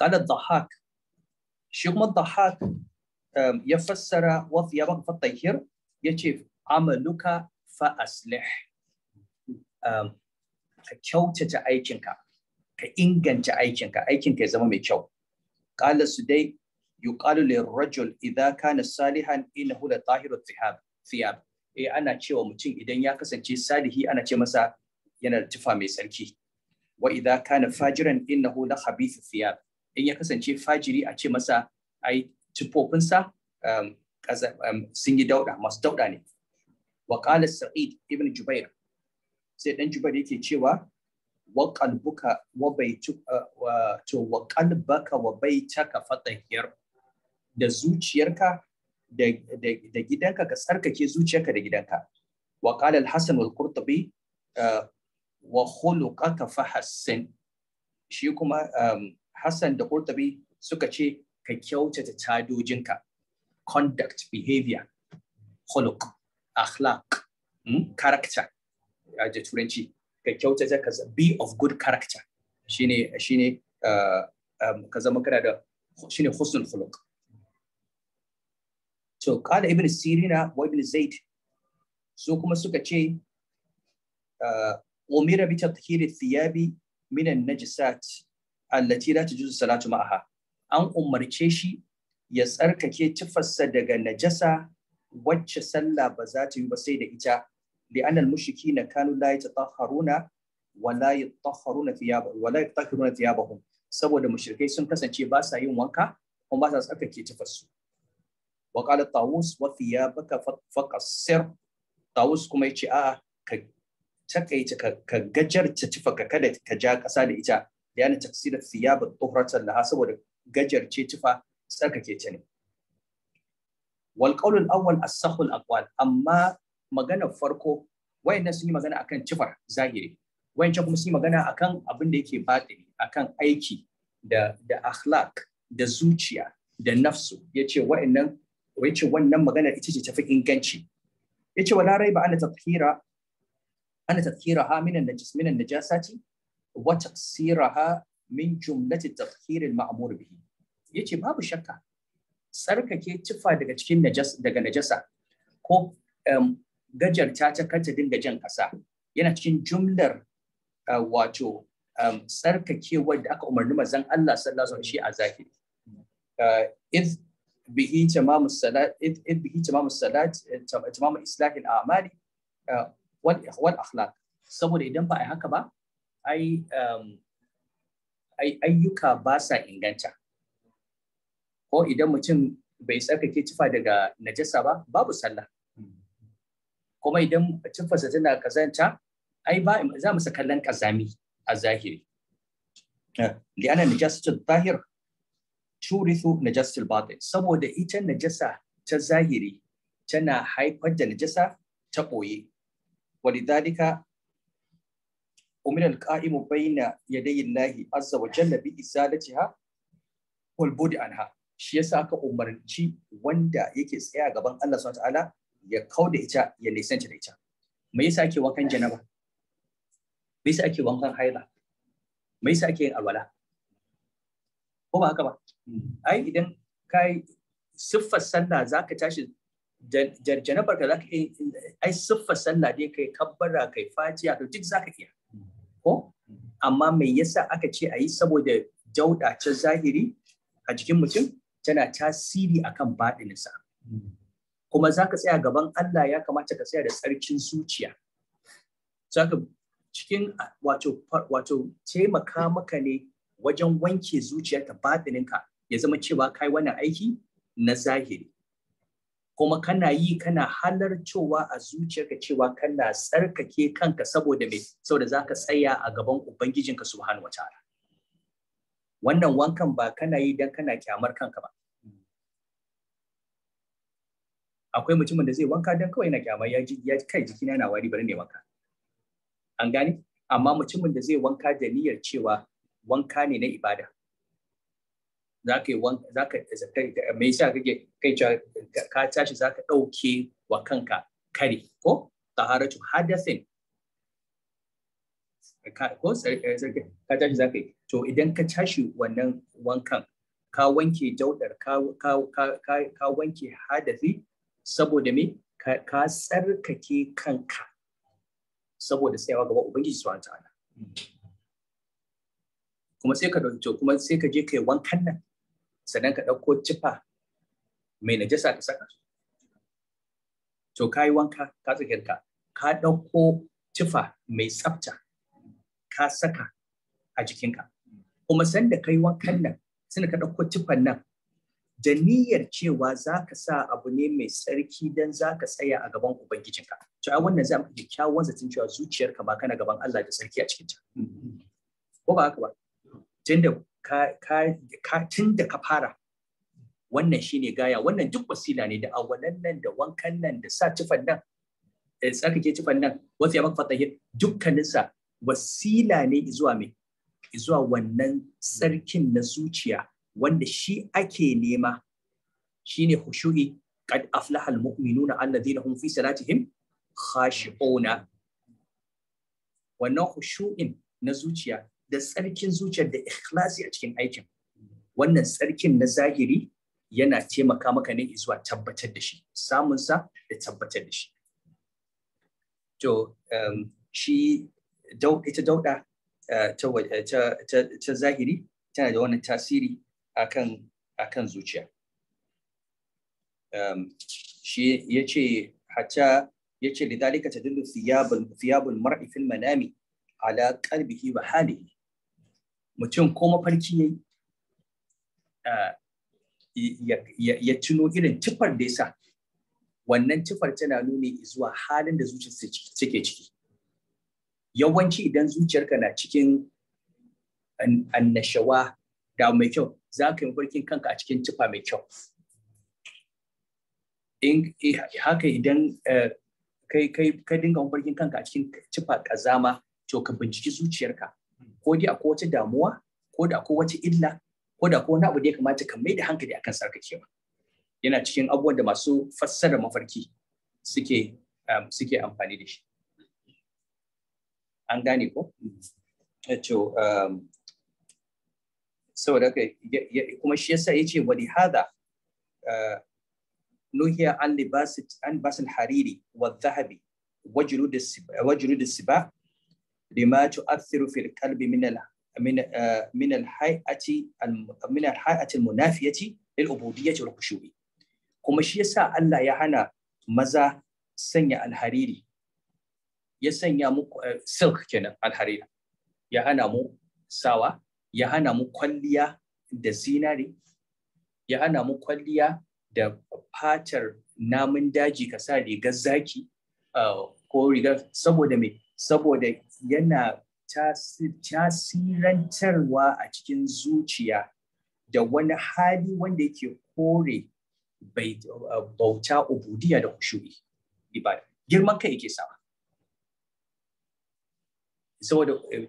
Kada dhahak shi kuma dhahak ya um, fassara wa ya baka ya ce amaluka fa aslih um, ka kyautata aikinka ka inganta aikinka aikinka ya zama mai kyau qala sudai yuqalu rajul idza kana salihan innahu la tahiru thiyab thiyab eh ana cewa mutum idan ya kasance salihi ana ce masa yana da tufa mai sarki wa idza kana fajiran innahu la khabith thiyab in ya kasance fajiri a ce masa ai tufofinsa sun yi um, um, dauɗa masu dauɗa ne wa qala sa'id ibn jubair sai dan jubair yake cewa wa qalbuka wa baitu to uh, wa qalbaka wa baitaka fatahhir da zuciyarka da gidanka ka tsarkake zuciyarka da gidanka wa qala al-hasan al qurtubi uh, wa khuluqaka shi kuma um, Hassan da Qurtubi suka ce ka kyautata tadojinka conduct behavior holok akhlaq mm? character a da turanci ka kyautata ka be of good character shine shine uh, um, ka zama kana da shine husnul khuluq so qala ibn sirina wa ibn zaid su kuma suka ce uh, umira bi tathhiri thiyabi min an-najisat allati la tajuzu salatu ma'aha an umarce shi ya tsarkake tufarsa daga najasa wacce sallah ba za ta yi ba sai da ita li'an al na kanu la yatatahharuna wa la yatatahharuna thiyabahum wa thiyabahum saboda mushrikai sun kasance ba sa yin wanka kuma ba sa tsarkake tufarsu wa qala tawus wa thiyabaka faqassir tawus kuma yace a'a ka takaita ka gajarta tufarka kada ka ja kasa da ita li'an taksira thiyab at-tuhrata laha saboda gajarce tufa tsarkake ta ne wal qawlul a sahul aqwal amma magana farko wayannan sun yi magana akan cifar zahiri wayancan kuma sun yi magana akan abin da yake batini akan aiki da da akhlaq da zuciya da nafsu yace ce wannan magana ita ce tafi inganci yace wala raiba ana tathira ana tathira ha minan najis minan najasati wa taqsiraha min jumlati tafkirin al-ma'mur bihi yace babu shakka sarkake tufa daga cikin najasa daga najasa ko gajarta ta kanta dinga jan kasa yana cikin jumlar wato tsarkakewar da aka umarni mazan Allah sallallahu alaihi a zahiri iz bihi tamamu salat iz bihi tamamu salat eh, tamamu islahil a'mali eh, wal akhlaq saboda idan ba a haka ba ai ayyuka ba sa inganta ko idan mutum bai tsarkake tufa daga najasa ba babu sallah kuma idan tufarsa tana kazanta ai ba za mu kallon kazami a zahiri eh. li'ana najasatul zahir turithu najasar batin saboda ita najasa ta zahiri tana haifar da najasa ta ɓoye walidhalika umira alqa'imu baina yadayi llahi azza wa jalla bi izalatiha wal budi anha shi yasa aka umarci wanda yake tsaya gaban Allah subhanahu wa ta'ala ya kauda ita ya nisanta da ita me yasa ake wankan janaba me yasa ake wankan haila me yasa ake yin alwala ko ba haka ba ai idan kai siffar sallah zaka tashi janabar ka zaka ai siffar sallah dai kai kabbara kai fatiha to duk zaka iya ko amma me yasa aka ce a yi saboda jauɗa ta zahiri a jikin mutum tana tasiri akan baɗinsa kuma za ka tsaya gaban Allah ya kamata ka tsaya da tsarkin zuciya zaka cikin wato wato taimaka maka ne wajen wanke zuciya ta baɗininka ya zama cewa kai wannan aiki na zahiri kuma kana yi kana halarcewa a zuciyarka cewa kana tsarkake kanka saboda me saboda zaka tsaya a gaban ubangijinka subhanahu wataala wannan wankan ba kana yi dan kana kyamar kanka ba akwai mutumin da zai wanka dan kawai yana kyamar ya ji ya kai jikina yana wari bari ne wanka an gane amma mutumin da zai wanka da niyyar cewa wanka ne na ibada za ka yi za ka me yasa kake kai ka tashi za ka ɗauke wa kanka kare ko taharatu hadathin ko eh, ka tashi za ka yi to idan ka tashi wannan wankan ka wanke daudar ka wanke hadathi saboda me ka tsarkake kanka saboda tsayawa gaba ubangiji su wa ta'ala hmm. kuma sai ka kuma sai ka je kai wankan nan sannan ka ɗauko cifa mai najasa ka saka to ka yi wanka ka tsakirka ka ɗauko cifa mai tsafta ka saka a jikinka kuma sanda ka yi wankan nan sanda ka ɗauko cifan nan da niyyar cewa za ka sa abu ne mai tsarki don za ka tsaya a gaban Ubangijinka. To a wannan za mu iya kyawun zaton cewa zuciyarka ba kana gaban Allah da sarki a cikinta. Mm-hmm. Ko ba haka ba? Tunda ka tun da ka fara wannan shi ne gaya wannan duk wasila ne da awalan nan da wankan nan da sa cifan nan da tsarkake cifan nan wasu ya maka fatahir dukkaninsa wasila ne zuwa mai zuwa wannan sarkin na zuciya wanda shi ake nema shine khushu'i qad aflaha almu'minuna alladhina hum fi salatihim khashi'una wannan khushu'in na zuciya da tsarkin zuciyar da ikhlasi a cikin aikin wannan tsarkin na zahiri yana taimaka maka ne zuwa tabbatar da shi samun sa da tabbatar da shi to um, shi ita dauda uh, uh, ta zahiri tana da wani tasiri akan akan zuciya um, shi ya ce hatta ya ce lidalika ta dillu thiyabul mar'i fil manami ala qalbihi wa halihi mutum ko mafarki ya yi ya tuno irin cifar da ya sa wannan cifar tana nuni zuwa halin da zuciya suke ciki yawanci idan zuciyarka na cikin annashawa da mai kyau za ka yi mafarkin kanka a cikin cifa mai kyau haka idan kai ka dinga mafarkin kanka a cikin cifa kazama to ka binciki zuciyarka ko dai akwai wata damuwa ko da akwai wata illa ko da akwai wani abu da ya kamata ka mai da hankali akan sarkacewa. yana cikin abubuwan da masu fassara mafarki suke um, suke amfani da shi an gane ko eh, to um, saboda kuma shi yasa yace wali hada uh, nuhiya an libas an basal hariri wa dhahabi wajrud wajrud siba lima tu'athiru fil qalbi min al من من الهيئه من الهيئه المنافيه للعبوديه والخشوع kuma shi yasa Allah ya hana maza eh, silk kenan alhariri ya hana mu sawa ya hana mu kwalliya da zinari, ya hana mu kwalliya da fatar namun daji ka rigar zaki eh, ko rigar saboda me saboda yana tasirantarwa a cikin zuciya da wani hali wanda yake kore uh, bauta ubudiya da kushuri ibada girman kai yake sama saboda eh,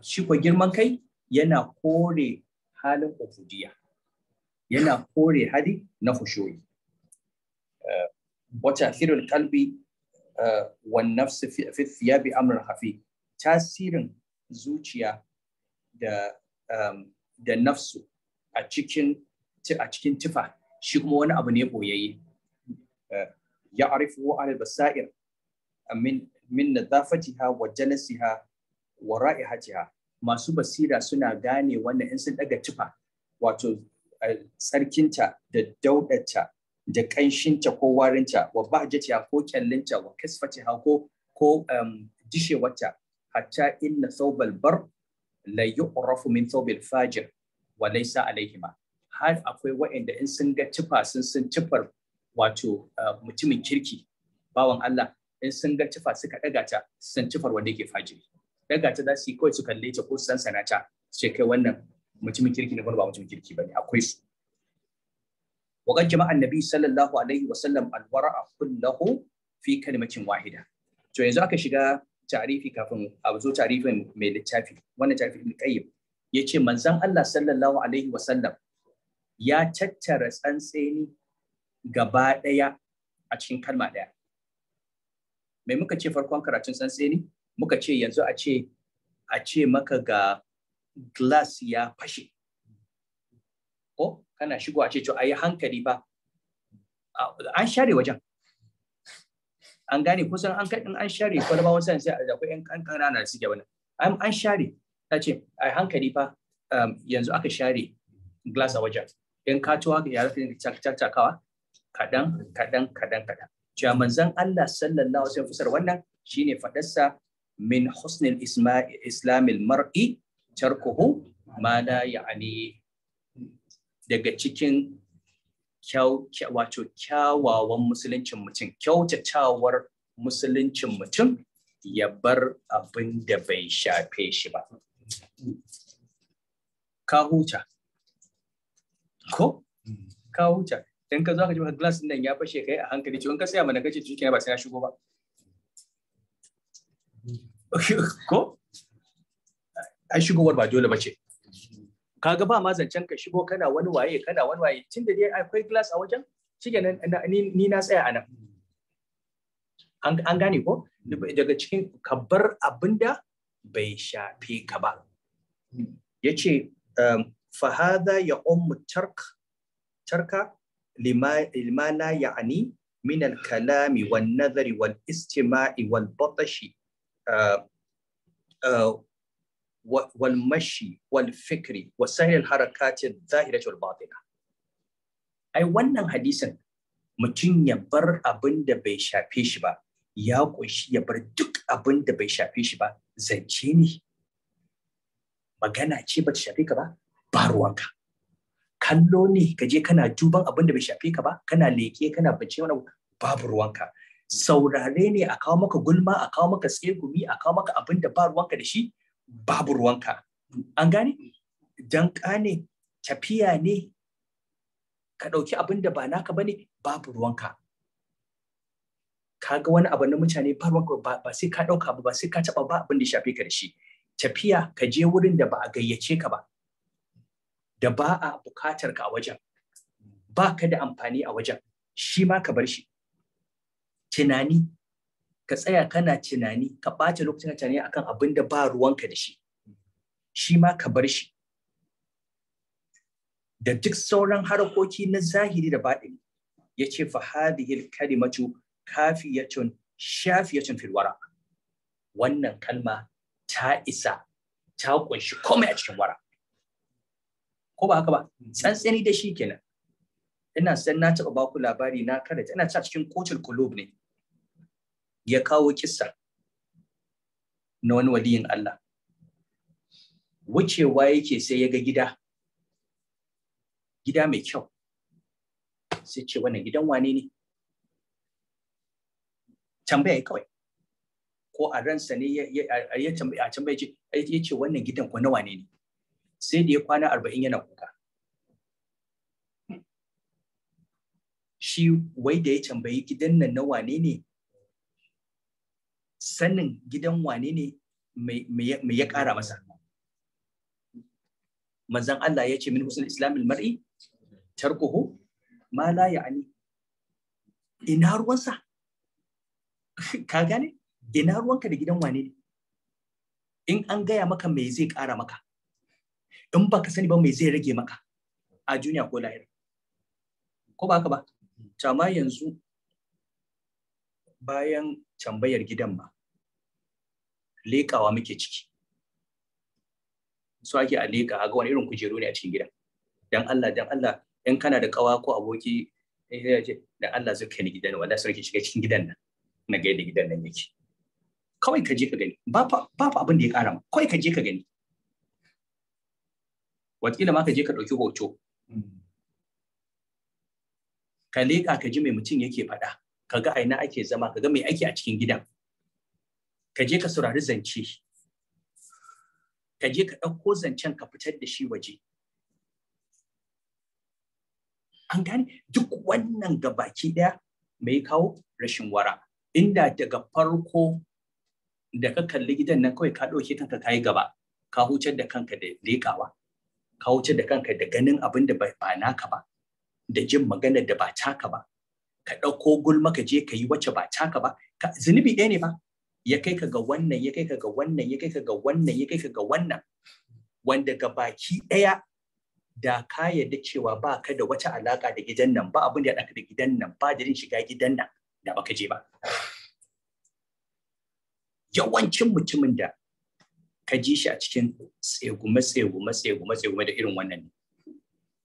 shi ko girman kai yana kore halin ubudiya yana kore hali na kushuri uh, wata firin kalbi wan nafsi fi thiyabi amr hafi tasirin zuciya da da nafsu a cikin a cikin tufa shi kuma wani abu ne boyayye ya arifu al basair min min nadafatiha wa jalasiha wa ra'ihatiha masu basira suna gane wannan in sun daga tufa wato sarkinta da daudata da ƙanshinta ko warinta wa bahjatiha ko kyallinta wa kasfatiha ko ko um, dishewarta hatta inna thawbal bar la yu'rafu min thawbil fajir wa laysa alaihima har akwai waɗanda in sun ga tufa sun sun tufar wato uh, mutumin kirki bawan Allah in sun ga tufa suka daga ta sun tufar wanda yake fajiri daga ta za yi kawai su kalle ta ko su sansana ta ce kai wannan mutumin kirki ne ba mutumin kirki bane akwai su وقد جمع النبي صلى الله عليه وسلم الورع كله في كلمة واحدة to yanzu aka shiga tarifi kafin a zo tarifin mai littafi wannan tarifi ibn qayyim yace manzon Allah sallallahu alaihi wasallam ya tattara tsantseni gaba daya a cikin kalma daya mai muka ce farkon karatun tsantseni muka ce yanzu a ce a ce maka ga glass ya fashe ko kana a ce a yi hankali ba an share wajen an gane kusan an kai an share ba wasan sai da akwai 'yan ƙanƙana da suke wani an share ta ce a hankali fa um, yanzu aka share glass a wajen in ka tuwa ya rafi tattakawa kadan kadan kadan kadan cewa manzon Allah sallallahu alaihi wasallam fusar wannan shine fadarsa min husnil islamil mar'i tarkuhu ma la ya'ni daga cikin wato kyawawan musuluncin mutum kyautatawar musuluncin mutum ya bar abin da bai shafe shi ba ka huta ko ka huta in ka zo ka ji glass din nan ya fashe kai a hankali ciwon ka saya mana kace cikin ba sai na shigo ba ko ai shigowar ba dole ba ce kaga ba ma zancen ka shigo kana wani waye kana wani waye tunda dai akwai glass a wajen shikenan ni na tsaya anan an gane ko daga cikin ka bar abinda bai shafe ka ba yace um, hada ya um tark tarka lima la ya'ni min al-kalami wan nadhari wal istima'i wal batashi uh, uh, Walmashi, والمشي والفكر وسائر zahira الظاهرة والباطنة ai wannan hadisin mutum ya bar abin da bai shafe shi ba ya ƙunshi ya bar duk abin da bai shafe shi ba zance ne magana ce ba ta shafe ka ba ba ruwanka kallo ne ka je kana duban abin da bai shafe ka ba kana leke kana bace wani babu ruwanka saurare ne a kawo maka gulma a kawo maka tsegumi a kawo maka abin da ba ruwanka da shi babu ruwanka an gane danka ne tafiya ne ka ɗauki abin da ba naka ba ne babu ruwanka ka ga wani abu na mutane ba ruwanka ba sai ka ɗauka ba sai ka taɓa ba abin da shafi ka da shi tafiya ka je wurin da ba a gayyace ka ba da ba a buƙatar ka a wajen ba ka da amfani a wajen shi ma ka bar shi tunani ka tsaya kana tunani ka ɓace lokacin tunani akan abin da ba ruwanka da shi shi ma ka bar shi da duk sauran harkoki na zahiri da baɗini ya ce fa hadihil kalimatu kafiyatun shafiyatun filwara wannan kalma ta isa ta kunshi komai a cikin wara ko ba haka ba tsantsani da shi kenan ina san na taɓa baku labari na karanta ina cikin kotun kulub ne ya kawo kissa na wani waliyin Allah wucewa yake sai ya ga gida gida mai kyau sai ce wannan gidan wane ne tambaya kawai ko a ransa ne ya tambaya ce ya ce wannan gidan ko na wane ne sai da ya kwana arba'in yana kuka shi wai da ya tambayi gidan nan na wane ne sanin gidan wane ne mai ya kara masa manzan Allah ya ce min husnul islamil mar'i tarkuhu ma la ya'ni ina ruwansa ka gane ina ruwanka da gidan wane ne in an gaya maka mai zai kara maka in baka sani ba mai zai rage maka a duniya ko lahira ko ba haka ba to amma yanzu bayan tambayar gidan ba leƙawa muke ciki su ake a leƙa a ga wani irin kujeru ne a cikin gidan dan Allah dan Allah in kana da kawa ko aboki eh, dan Allah zai kai ni gidan wallahi sarki shiga cikin gidan nan na ga yadda gidan nan yake kawai ka je ka gani ba ba abin da ya ma kawai ka je ka gani wakila ma ka je ka ɗauki hoto hmm. ka leƙa ka ji mai mutum yake faɗa ka ga aina ake zama ka ga mai ake a cikin gidan ka je ka saurari zance ka je ka ɗauko zancen ka fitar da shi waje an gane duk wannan ga baki ɗaya mai kawo rashin wara inda daga farko da ka kalli gidan nan kawai ka ɗauke kanka ka yi gaba ka huce da kanka da leƙawa ka huce da kanka da ganin abin da ba naka ba da jin magana da ba taka ba ka ɗauko gulma ka je ka yi wacce ba taka ba zunubi ɗaya ne ba ya kai ka ga wannan ya kai ka ga wannan ya kai ka ga wannan ya kai ka ga wannan wanda ga baki ɗaya da ka yarda cewa ba ka da wata alaka da gidan nan ba abin da ya ɗaka da gidan nan ba da shiga gidan nan da baka je ba yawancin mutumin da ka ji shi a cikin tsegume tsegume tsegume tsegume da irin wannan ne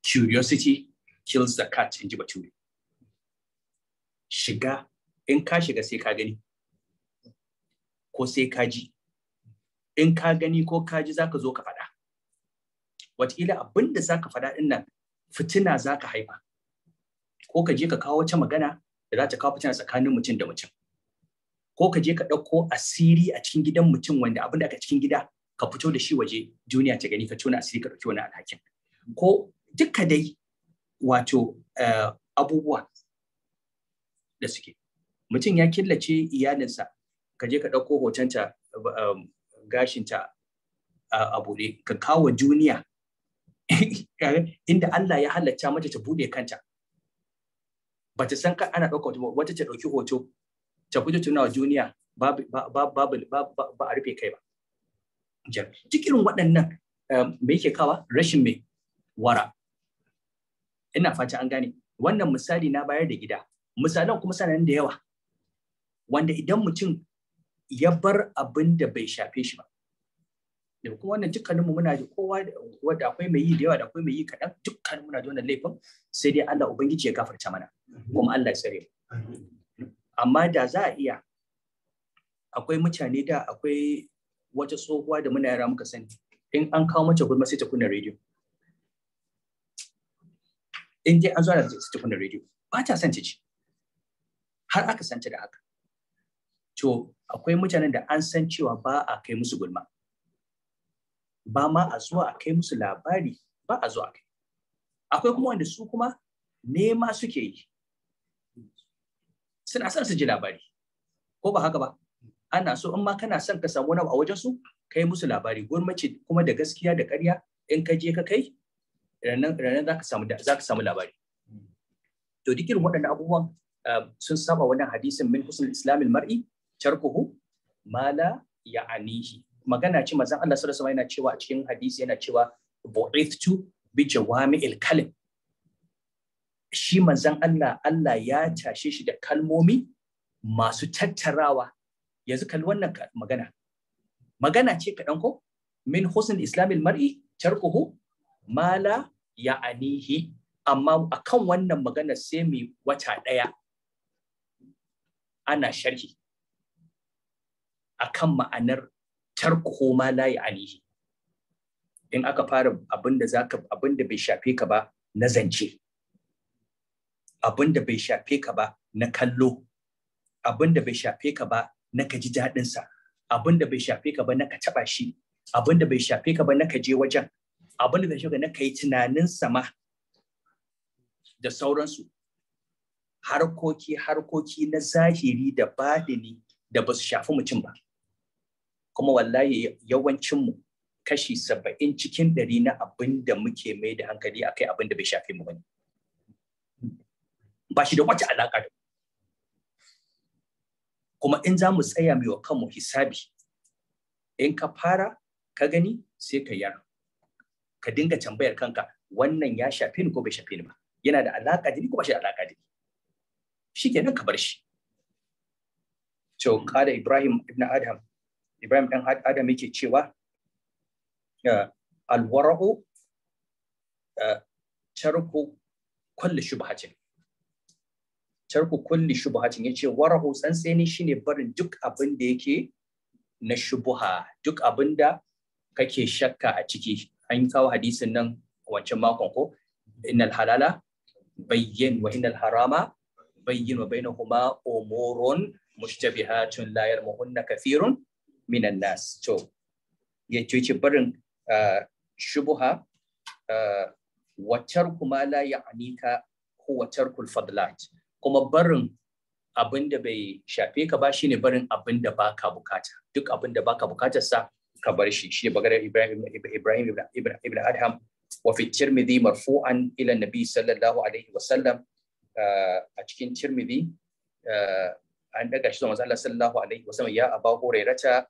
curiosity kills the cat in ji bature shiga in ka shiga sai ka gani ko sai ka ji in ka gani ko ka ji zaka zo ka faɗa wataƙila abin da zaka faɗa ɗin nan fitina zaka haifa ko ka je ka kawo wata magana da za ta kawo fitina tsakanin mutum da mutum ko ka je ka ɗauko asiri a cikin gidan mutum wanda abin da aka cikin gida ka fito da shi waje duniya ta gani ka tona asiri ka ɗauki wani alhakin ko duka dai wato eh, abubuwa da suke mutum ya killace iyalinsa ka je ka ɗauko hotonta um, gashinta a bude. ka kawo duniya inda Allah ya halatta mata ta buɗe kanta ba ta san ana ɗauka wata ta ɗauki hoto ta fito tuna wa duniya ba a rufe kai ba duk irin waɗannan um, me yake kawa rashin mai wara ina fata an gane wannan misali na bayar da gida misalan kuma sanan da yawa wanda idan mutum ya bar abin da bai shafe shi ba da kuma wannan dukkanin mu muna kowa wanda akwai mai yi da yawa da akwai mai yi kaɗan dukkanin muna da wannan laifin sai dai Allah ubangiji ya gafarta mana kuma Allah ya sare mu amma da za a iya akwai mutane da akwai wata tsohuwa da muna yara muka sani in an kawo mace gulma sai ta kunna rediyo in dai an zo da sai ta kunna rediyo ba ta son ta ci har aka santa da haka to akwai mutanen da an san cewa ba a kai musu gulma ba ma a zuwa a kai musu labari ba a zuwa kai akwai kuma wanda su kuma nema suke yi suna son su ji labari ko ba haka ba ana so in ma kana son ka samu wani a wajen su kai musu labari gurmaci kuma da gaskiya da ƙarya in ka je ka kai ranar za ka samu labari to duk waɗannan abubuwan Um, sun saba wannan hadisin min husnul islamil mar'i tarkuhu ma la ya'anihi magana ce manzon Allah sallallahu alaihi yana cewa cikin hadisi yana cewa bu'ithtu bi jawami'il kalim shi manzon Allah Allah ya tashe shi da kalmomi masu tattarawa yanzu kalli wannan magana magana ce kaɗan ko min husnul islamil mar'i tarkuhu ma la ya'anihi amma akan wannan magana sai mai wata ɗaya ana sharhi akan ma'anar tarko ma layi alihi in aka fara abin da zaka abin da bai shafe ka ba na zance abin da bai shafe ka ba na kallo abin da bai shafe ka ba na ka ji daɗin sa abin da bai shafe ka ba na ka taɓa shi abin da bai shafe ka ba na ka je wajen abin da bai shafe ka na ka yi tunanin sama da sauransu harkoki harkoki na zahiri da badini da ba su shafi mutum ba kuma wallahi yawancinmu kashi saba'in cikin ɗari na abin da muke mai da hankali akai abin da bai shafe mu bane ba shi da wata alaƙa da kuma in za mu tsaya mai wa kanmu hisabi in ka fara ka gani sai ka yar ka dinga tambayar kanka wannan ya shafe ni ko bai shafe ni ba yana da alaƙa da ni ko ba shi da alaƙa da ni shikenan ka bar shi to kada Ibrahim ibn Adam Ibrahim dan Adam yake cewa alwara'u tarku kulli shubhatin tarku kulli shubhatin yace wara'u tsantseni shine barin duk abin da yake na shubuha duk abin da kake shakka a ciki an kawo hadisin nan wancan makon ko innal halala bayyin wa innal harama yubayyin wa bainahuma Omoron, mushtabihatun la yalmuhunna Muhunna, Kafirun, nas to ya barin shubuha watar kuma la ya'nika ko watar fadlat kuma barin abin da bai shafe ka ba shine barin abin da baka bukata duk abin da baka bukatar sa ka bar shi shi bagare Ibrahim Ibrahim Ibrahim Ibn Adham wa fi Tirmidhi marfu'an ila Nabi sallallahu alaihi wa sallam a cikin Tirmidhi eh, an daga shi zuwa manzo Allah sallallahu alaihi wasallam ya Abu ta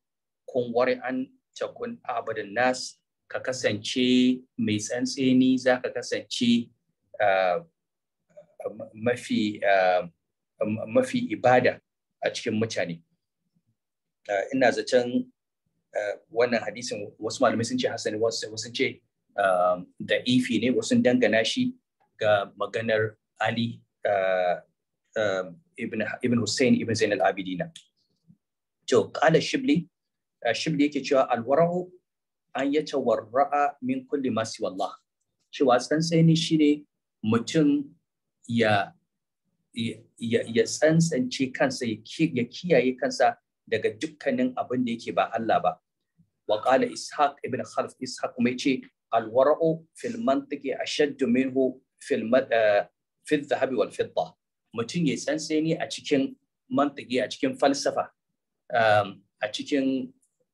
kun wari an takun abadin nas ka kasance mai tsantseni za ka kasance eh, mafi eh, mafi ibada a cikin mutane ina zaton wannan hadisin wasu malamai sun ce hasani wasu sun ce da ifi ne wasu dangana shi ga maganar ali ibn ibn Hussein ibn Zain al-Abidina to qala shibli shibli yake cewa al-wara'u an warra'a min kulli ma siwa Allah cewa tsantsani shine mutum ya ya tsantsance kansa ya kiyaye kansa daga dukkanin abin da yake ba Allah ba wa qala ishaq ibn khalf ishaq kuma yace alwara'u wara'u fil mantiqi ashaddu minhu fil Fidda dhahabi wal fidda mutum ya sansani a cikin mantaki a cikin falsafa um, a cikin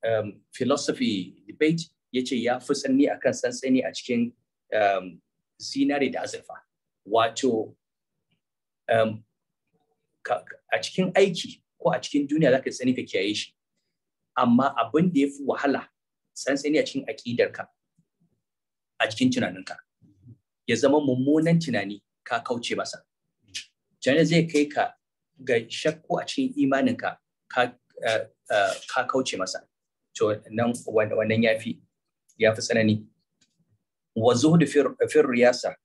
um, philosophy debate yace ya fi tsanni akan sansani a cikin um, zinare da azurfa wato a cikin aiki ko a cikin duniya zaka tsani ka kiyaye shi amma abin da ya fi wahala tsantsani a cikin aƙidarka a cikin tunaninka ya zama mummunan tunani ka kauce masa jana zai kai ka ga shakku a cikin imaninka ka eh, eh, kauce masa to nan wannan ya fi tsanani wa zuhdu fi riyasa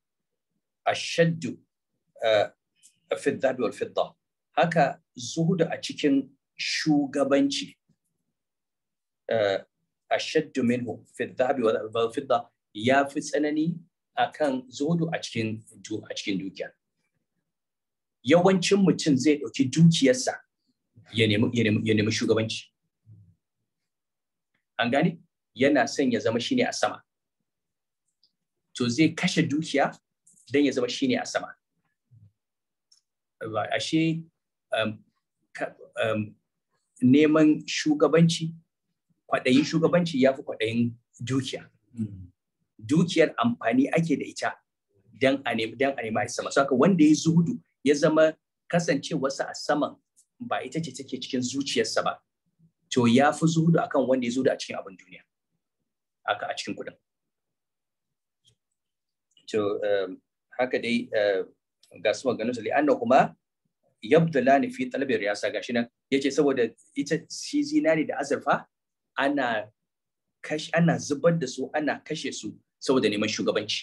ashaddu eh, fi dhahabi wal fidda haka zuhudu a cikin shugabanci ashaddu minhu fi dhahabi fidda ya fi tsanani akan zodo a cikin a cikin dukiya yawancin mutum zai ɗauki dukiyarsa ya nemi shugabanci an gane yana son ya zama shine a sama to zai kashe dukiya don ya zama shine a sama ashe um, um, neman shugabanci kwaɗayin shugabanci ya fi kwaɗayin dukiya hmm. dukiyar amfani ake da ita don a nemi dan a nemi sama saka wanda ya zuhudu ya zama kasancewarsa a saman ba ita ce take cikin zuciyarsa ba to ya fi zuhudu akan wanda ya zuhudu a cikin abin duniya aka a cikin kudin to um, haka dai um, ga su maganin su li'anna kuma yabdulani fi talabi riyasa gashi nan yace saboda ita shi zinari da azurfa ana kashi, ana zubar da su ana kashe su saboda neman shugabanci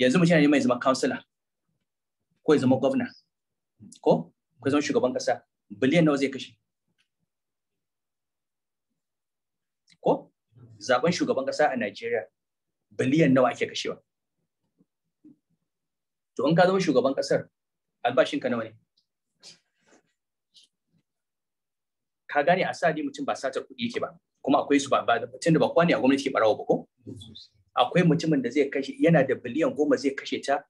yanzu mutum yana neman ya zama kansila ko ya zama gwamna ko ko zama shugaban ƙasa. biliyan nawa zai kashe ko zaben shugaban ƙasa a Najeriya biliyan nawa ake kashewa to in ka zama shugaban kasar albashinka nawa ne ka gane a sadi mutum ba satar kuɗi yake ba kuma akwai su ba tun da ba kwani a gwamnati ke barawa ba ko akwai mutumin da zai kashe yana da biliyan goma zai kashe ta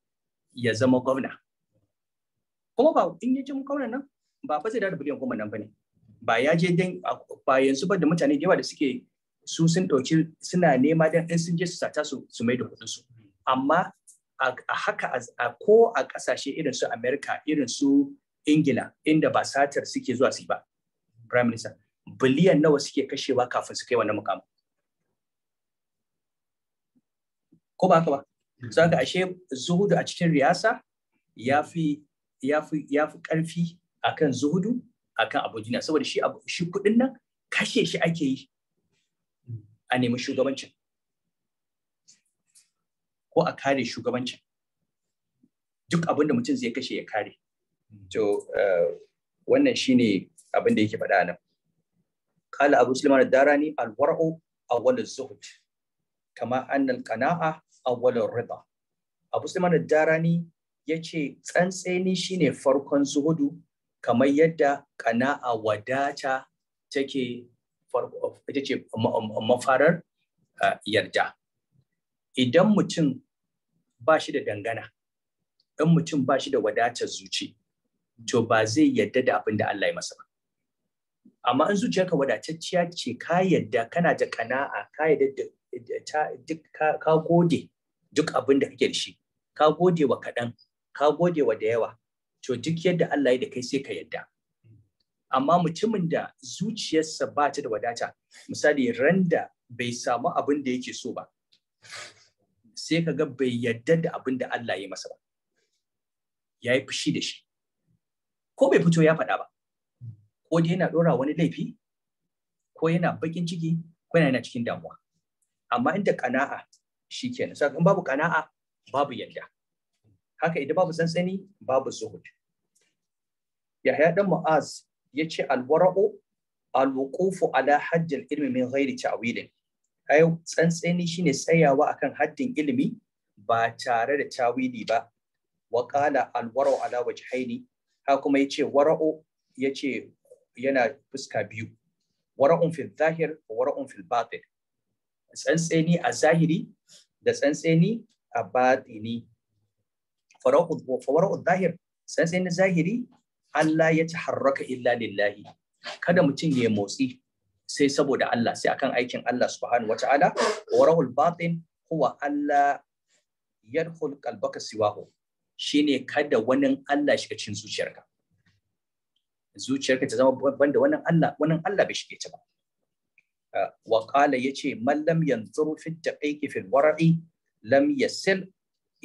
ya zama gwamna kuma ba in yi jimu gwamna nan ba fa zai da biliyan goma nan ba ne. ba ya je don ba yanzu ba da mutane da yawa da suke su sun ɗauki suna nema don in sun je su sata su su mai da kudin amma a haka a ko a kasashe irin su America irin su Ingila inda ba satar suke zuwa su ba prime minister biliyan nawa suke kashewa kafin su kai wani mukamu ko ba ka ba za mm. ka ashe zuhudu a cikin riyasa ya fi ya fi ya karfi akan zuhudu akan abu saboda shi shi nan kashe shi ake yi a nemi shugabancin ko a kare shugabancin duk abin da mutum zai kashe ya kare mm. to eh, wannan shine abin da yake faɗa nan قال أبو سليمان الداراني الورع أول الزهد كما أن القناعة awwalur rida Abu Sulaiman Darani yace tsantseni shine farkon zuhudu kamar yadda kana'a wadata take ita ce mafarar yarda idan mutum ba shi da dangana in mutum ba shi da wadata zuci to ba zai yarda da abin da Allah ya masa ba amma in zuciyarka wadatacciya ce ka yadda kana da kana'a ka yadda duk ka gode duk abin da kake da shi ka gode wa kaɗan ka gode wa da yawa to duk yadda Allah ya da kai sai ka yadda amma mutumin da zuciyarsa ba ta da wadata misali randa bai samu abin da yake so ba sai ka ga bai yadda da abin da Allah ya masa ba ya yi fushi da shi ko bai fito ya faɗa ba ko dai yana ɗora wani laifi ko yana bakin ciki ko yana cikin damuwa amma inda kana'a shikenan sai in babu kana'a babu yadda haka idan babu tsantsani babu zuhud yahya dan mu'az yace alwara'u alwuqufu ala haddil ilmi min ghairi ta'wilin ai tsantsani shine tsayawa akan haddin ilimi ba tare da tawili ba wa qala alwara'u ala wajhaini ha kuma yace wara'u yace yana fuska biyu wara'un fil zahir wa wara'un fil batin tsantseni a zahiri da tsantseni a batini fawara'ud zahir tsantseni zahiri Allah ya taharraka illa lillahi kada mutum ya motsi sai saboda Allah sai akan aikin Allah subhanahu wata'ala wara'ul batin huwa Allah yadkhul qalbaka siwahu shine kada wani Allah shiga cikin zuciyarka zuciyarka ta zama banda wannan Allah wannan Allah bai shige ta ba wa qala yace man lam yanzuru fi taqiqi fil wara'i lam yasil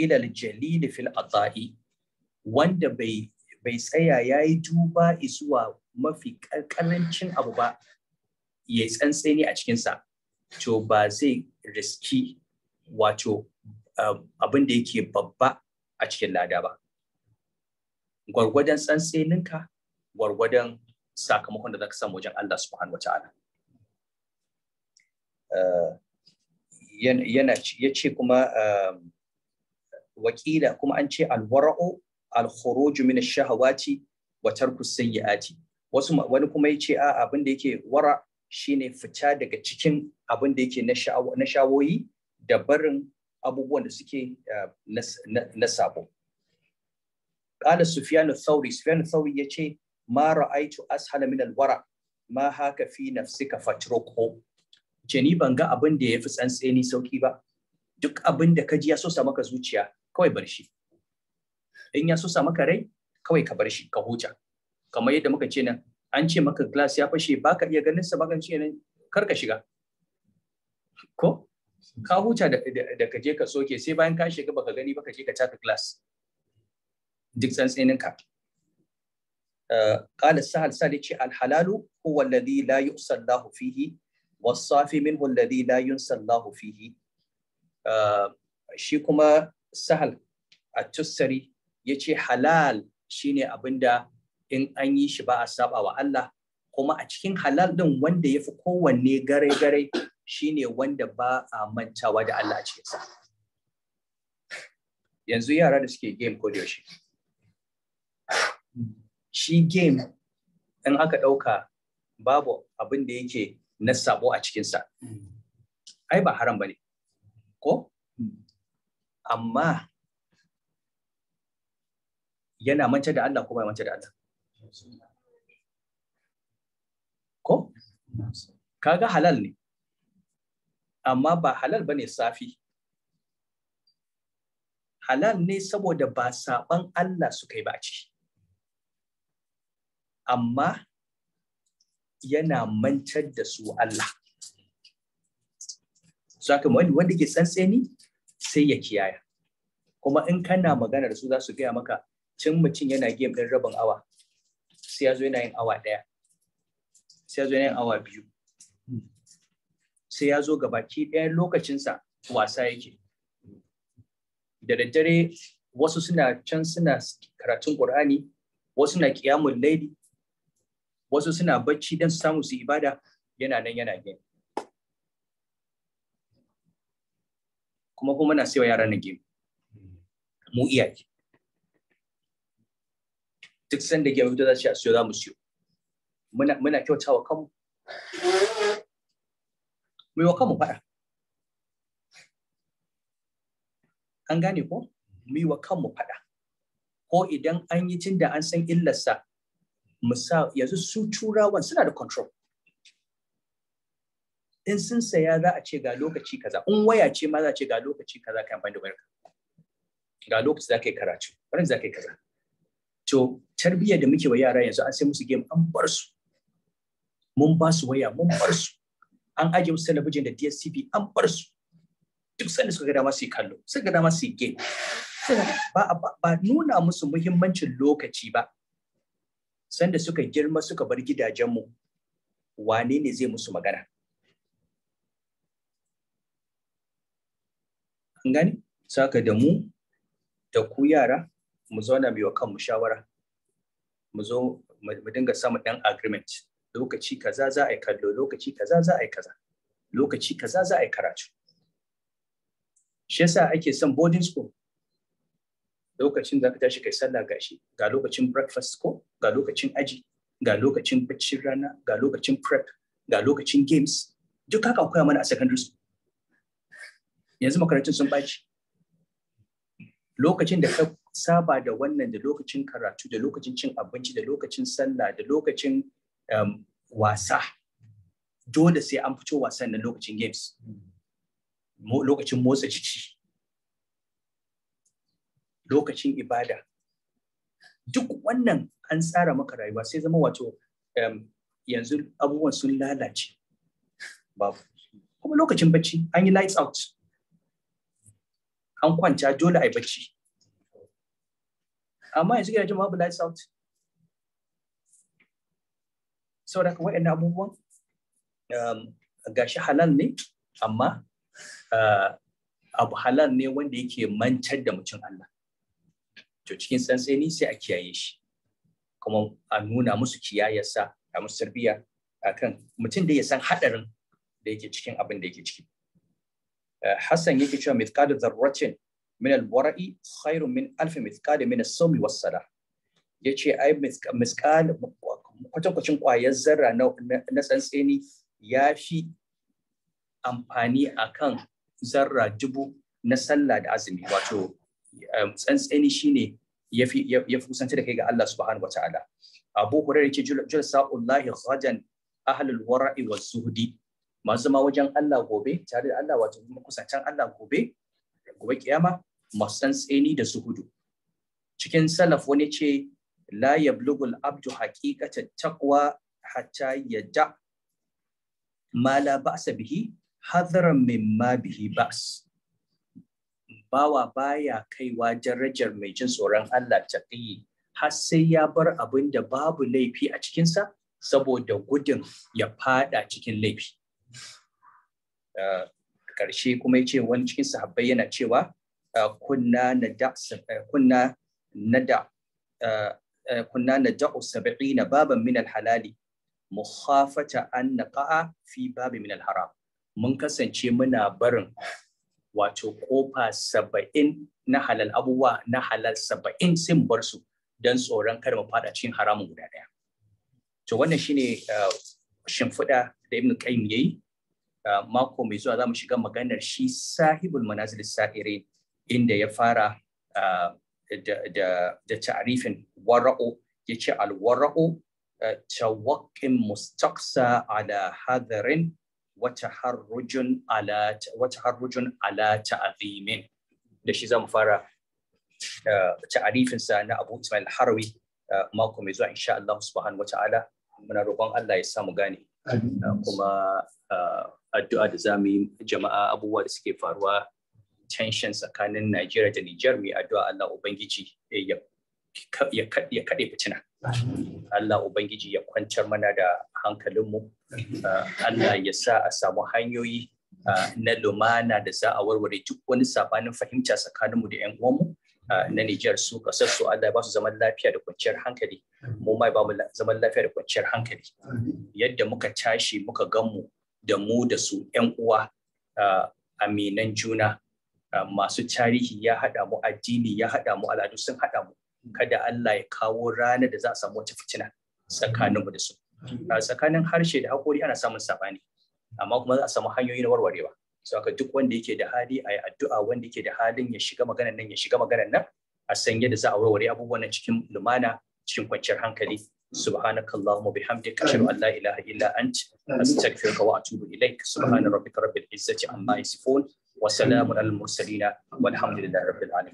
ila al-jalil fil ata'i wanda bai bai tsaya yayi duba isuwa mafi karancin abu ba ya tsantseni a cikinsa to ba zai riski wato um, abin da yake babba a cikin lada ba gwargwadon tsantseninka gwargwadon sakamakon da zaka samu wajen Allah subhanahu wa ta'ala yana ya ce kuma um, wakila kuma an ce alwara'u alkhuruju min ash-shahawati wa tarku sayyi'ati wasu wani kuma yace a abin da yake wara shine fita daga cikin abin da yake na shawoyi da barin abubuwan da suke uh, na sabo qala sufyan ath-thawri sufyan ath-thawri yace ma ra'aytu ashala min alwara wara ma haka fi nafsika fatruku ce ni ban ga abin da ya fi tsantseni sauki ba duk abin da ka ji ya sosa maka zuciya kawai bar shi in ya sosa maka rai kawai ka bar shi ka huta kamar yadda muka ce nan an ce maka glass ya fashe baka iya ganin sa baka ce nan kar ka shiga ko ka huta da, da, ka je ka soke sai bayan ka shiga baka gani baka je ka taka glass duk tsantsenin ka قال السهل سالي الحلال هو الذي لا يؤسى الله فيه wasafi min hulladhi la yunsallahu fihi uh, shi kuma sahal a tussari ya ce halal shine da in an yi shi ba a saba wa Allah kuma a cikin halal din wanda ya fi kowanne gare-gare shine wanda ba a mantawa da Allah a cikinsa. Yanzu yara da suke game ko yaushe. Shi game in aka ɗauka babu abin da yake na sabo a cikinsa mm. ai ba haram ba ne ko mm. amma yana mance da Allah ko bai mance da Allah ko kaga halal ne amma ba halal ba ne safi halal ne saboda ba saban Allah suka yi ba ci amma yana mantar da su Allah saka wanda ke tsantseni sai ya kiyaya kuma in kana magana da su za su gaya maka cin mutum yana game ɗin rabin awa sai ya zo yana yin awa ɗaya sai ya zo yana yin awa biyu sai ya zo gabaki ɗaya lokacinsa wasa yake da daddare wasu suna can suna karatun ƙur'ani wasu na ƙiyamun laidi wasu suna bacci don su samu su ibada yana nan yana gini. kuma kuma na wa yaran na game mu iyaye duk sanda game wuta za su a siyo za mu siyo muna muna kyautawa kanmu mu yi wa kanmu faɗa an gane ko mu yi wa kanmu faɗa ko idan an yi tun da an san illarsa musa yanzu su turawan suna da control in sun saya za a ce ga lokaci kaza in waya ce ma za a ce ga lokaci kaza kan amfani da wayar ga lokaci za ka yi karatu wani za ka yi kaza to tarbiyyar da muke wa yara yanzu an sai musu game an bar su mun ba su waya mun bar su an aje musu talabijin da DSTV an bar su duk sanda suka ga dama su yi kallo suka ga dama su yi game ba, ba nuna musu muhimmancin lokaci ba sanda suka girma suka bar gidajenmu wane ne zai musu magana an gani saka da mu da ku yara mu zauna mai wa kanmu shawara mu zo mu dinga samun ɗan agreement lokaci kaza za a yi kallo lokaci kaza za a yi kaza lokaci kaza za a yi karatu shi yasa ake son boarding school lokacin za ka tashi kai sallah gashi ga lokacin breakfast ko ga lokacin aji ga lokacin baccin rana ga lokacin prep ga lokacin games duk haka koya mana a secondary school yanzu makarantun sun baci lokacin da ka saba da wannan da lokacin karatu da lokacin cin abinci da lokacin sallah da lokacin um, wasa dole sai an fito wasan na lokacin games lokacin motsa jiki lokacin ibada duk wannan an tsara maka rayuwa sai zama wato yanzu abubuwan sun lalace babu kuma lokacin bacci an yi lights out an kwanta dole a yi bacci amma yanzu gidajen babu lights out saboda haka waɗannan abubuwan gashi halal ne amma eh, abu halal ne wanda yake mantar da mutum Allah to cikin sansani sai a kiyaye shi kuma a nuna musu kiyayarsa a musu tarbiyya akan mutum da ya san hadarin da yake cikin abin da yake ciki eh, Hassan yake cewa mithqalu dharratin min al-wara'i khairun min alf da min as-sawmi was-sala yace ai mithqal kwatankwacin kwayar zarra na tsantseni ya fi amfani akan zarra dubu na sallah da azumi wato Um, tsantseni shine ya fi ya fi kusanci da kai ga Allah subhanahu wataala Abu Hurairah yake julsa'ullahi ghadan ahlul wara'i was zuhdi masu wajen Allah gobe tare da Allah wato kusantan Allah gobe gobe kiyama masu tsantseni da zuhudu cikin salaf wani ce la yablugul abdu haqiqata taqwa hatta yada ma la ba'sa bihi hadharan mimma bihi ba's bawa baya kaiwa darajar mai jin tsoron Allah taqiyi har sai ya bar abin da babu laifi a cikinsa saboda gudun ya fada cikin laifi ƙarshe kuma ya ce wani cikin sahabbai yana cewa kunna nada kunna nada'u sab'ina baban min halali mukhafata an naqa'a fi babi min haram mun kasance muna barin wato kofa saba'in na halal abubuwa na halal saba'in sun bar su don tsoron kar mu fada cikin haramun guda ɗaya. To wannan shine uh, shimfiɗa da Ibn Qayyim yi. Uh, mako mai zuwa za mu shiga maganar shi sahibul manazil sa'irin inda ya fara uh, da ta'arifin wara'u yace al wara'u tawakkin mustaqsa ala hadarin Wata harrujun wataharrujun ala ta'zimin da shi zamu fara ta'arifin sa na Abu Ismail Harawi mako mai zuwa insha Allah subhanahu wata'ala muna roƙon Allah ya samu gane ah, kuma addu'a da zamu yi jama'a abubuwa da suke faruwa tension tsakanin Najeriya da Nijar mai addu'a Allah Ubangiji ya kaɗe fitina. Allah Ubangiji ya kwantar mana da hankalinmu, ah, Allah ya sa a samu hanyoyi ah, na lumana da za a warware duk wani sabanin fahimta tsakaninmu da 'yan uwanmu. Ah, na Nijar su kasar su Allah ba su zaman lafiya da kwanciyar hankali mu mai ba mu zaman lafiya da kwanciyar hankali yadda muka tashi muka ganmu da mu da su 'yan'uwa, uwa aminan juna masu tarihi ya haɗa mu addini ya haɗa mu al'adu sun haɗa mu kada Allah ya kawo ranar da za a samu wata fitina tsakaninmu da su A tsakanin harshe da haƙori ana samun sabani amma kuma za a samu hanyoyi na warwarewa so duk wanda yake da hali a yi addu'a wanda yake da halin ya shiga magana nan ya shiga maganar nan a san yadda za a warware abubuwan nan cikin lumana cikin kwanciyar hankali subhanakallahumma bihamdika ashhadu an la ilaha illa ant astaghfiruka wa atubu ilaik subhana rabbil izzati amma yasifun wa salamun al mursalina walhamdulillahi rabbil alamin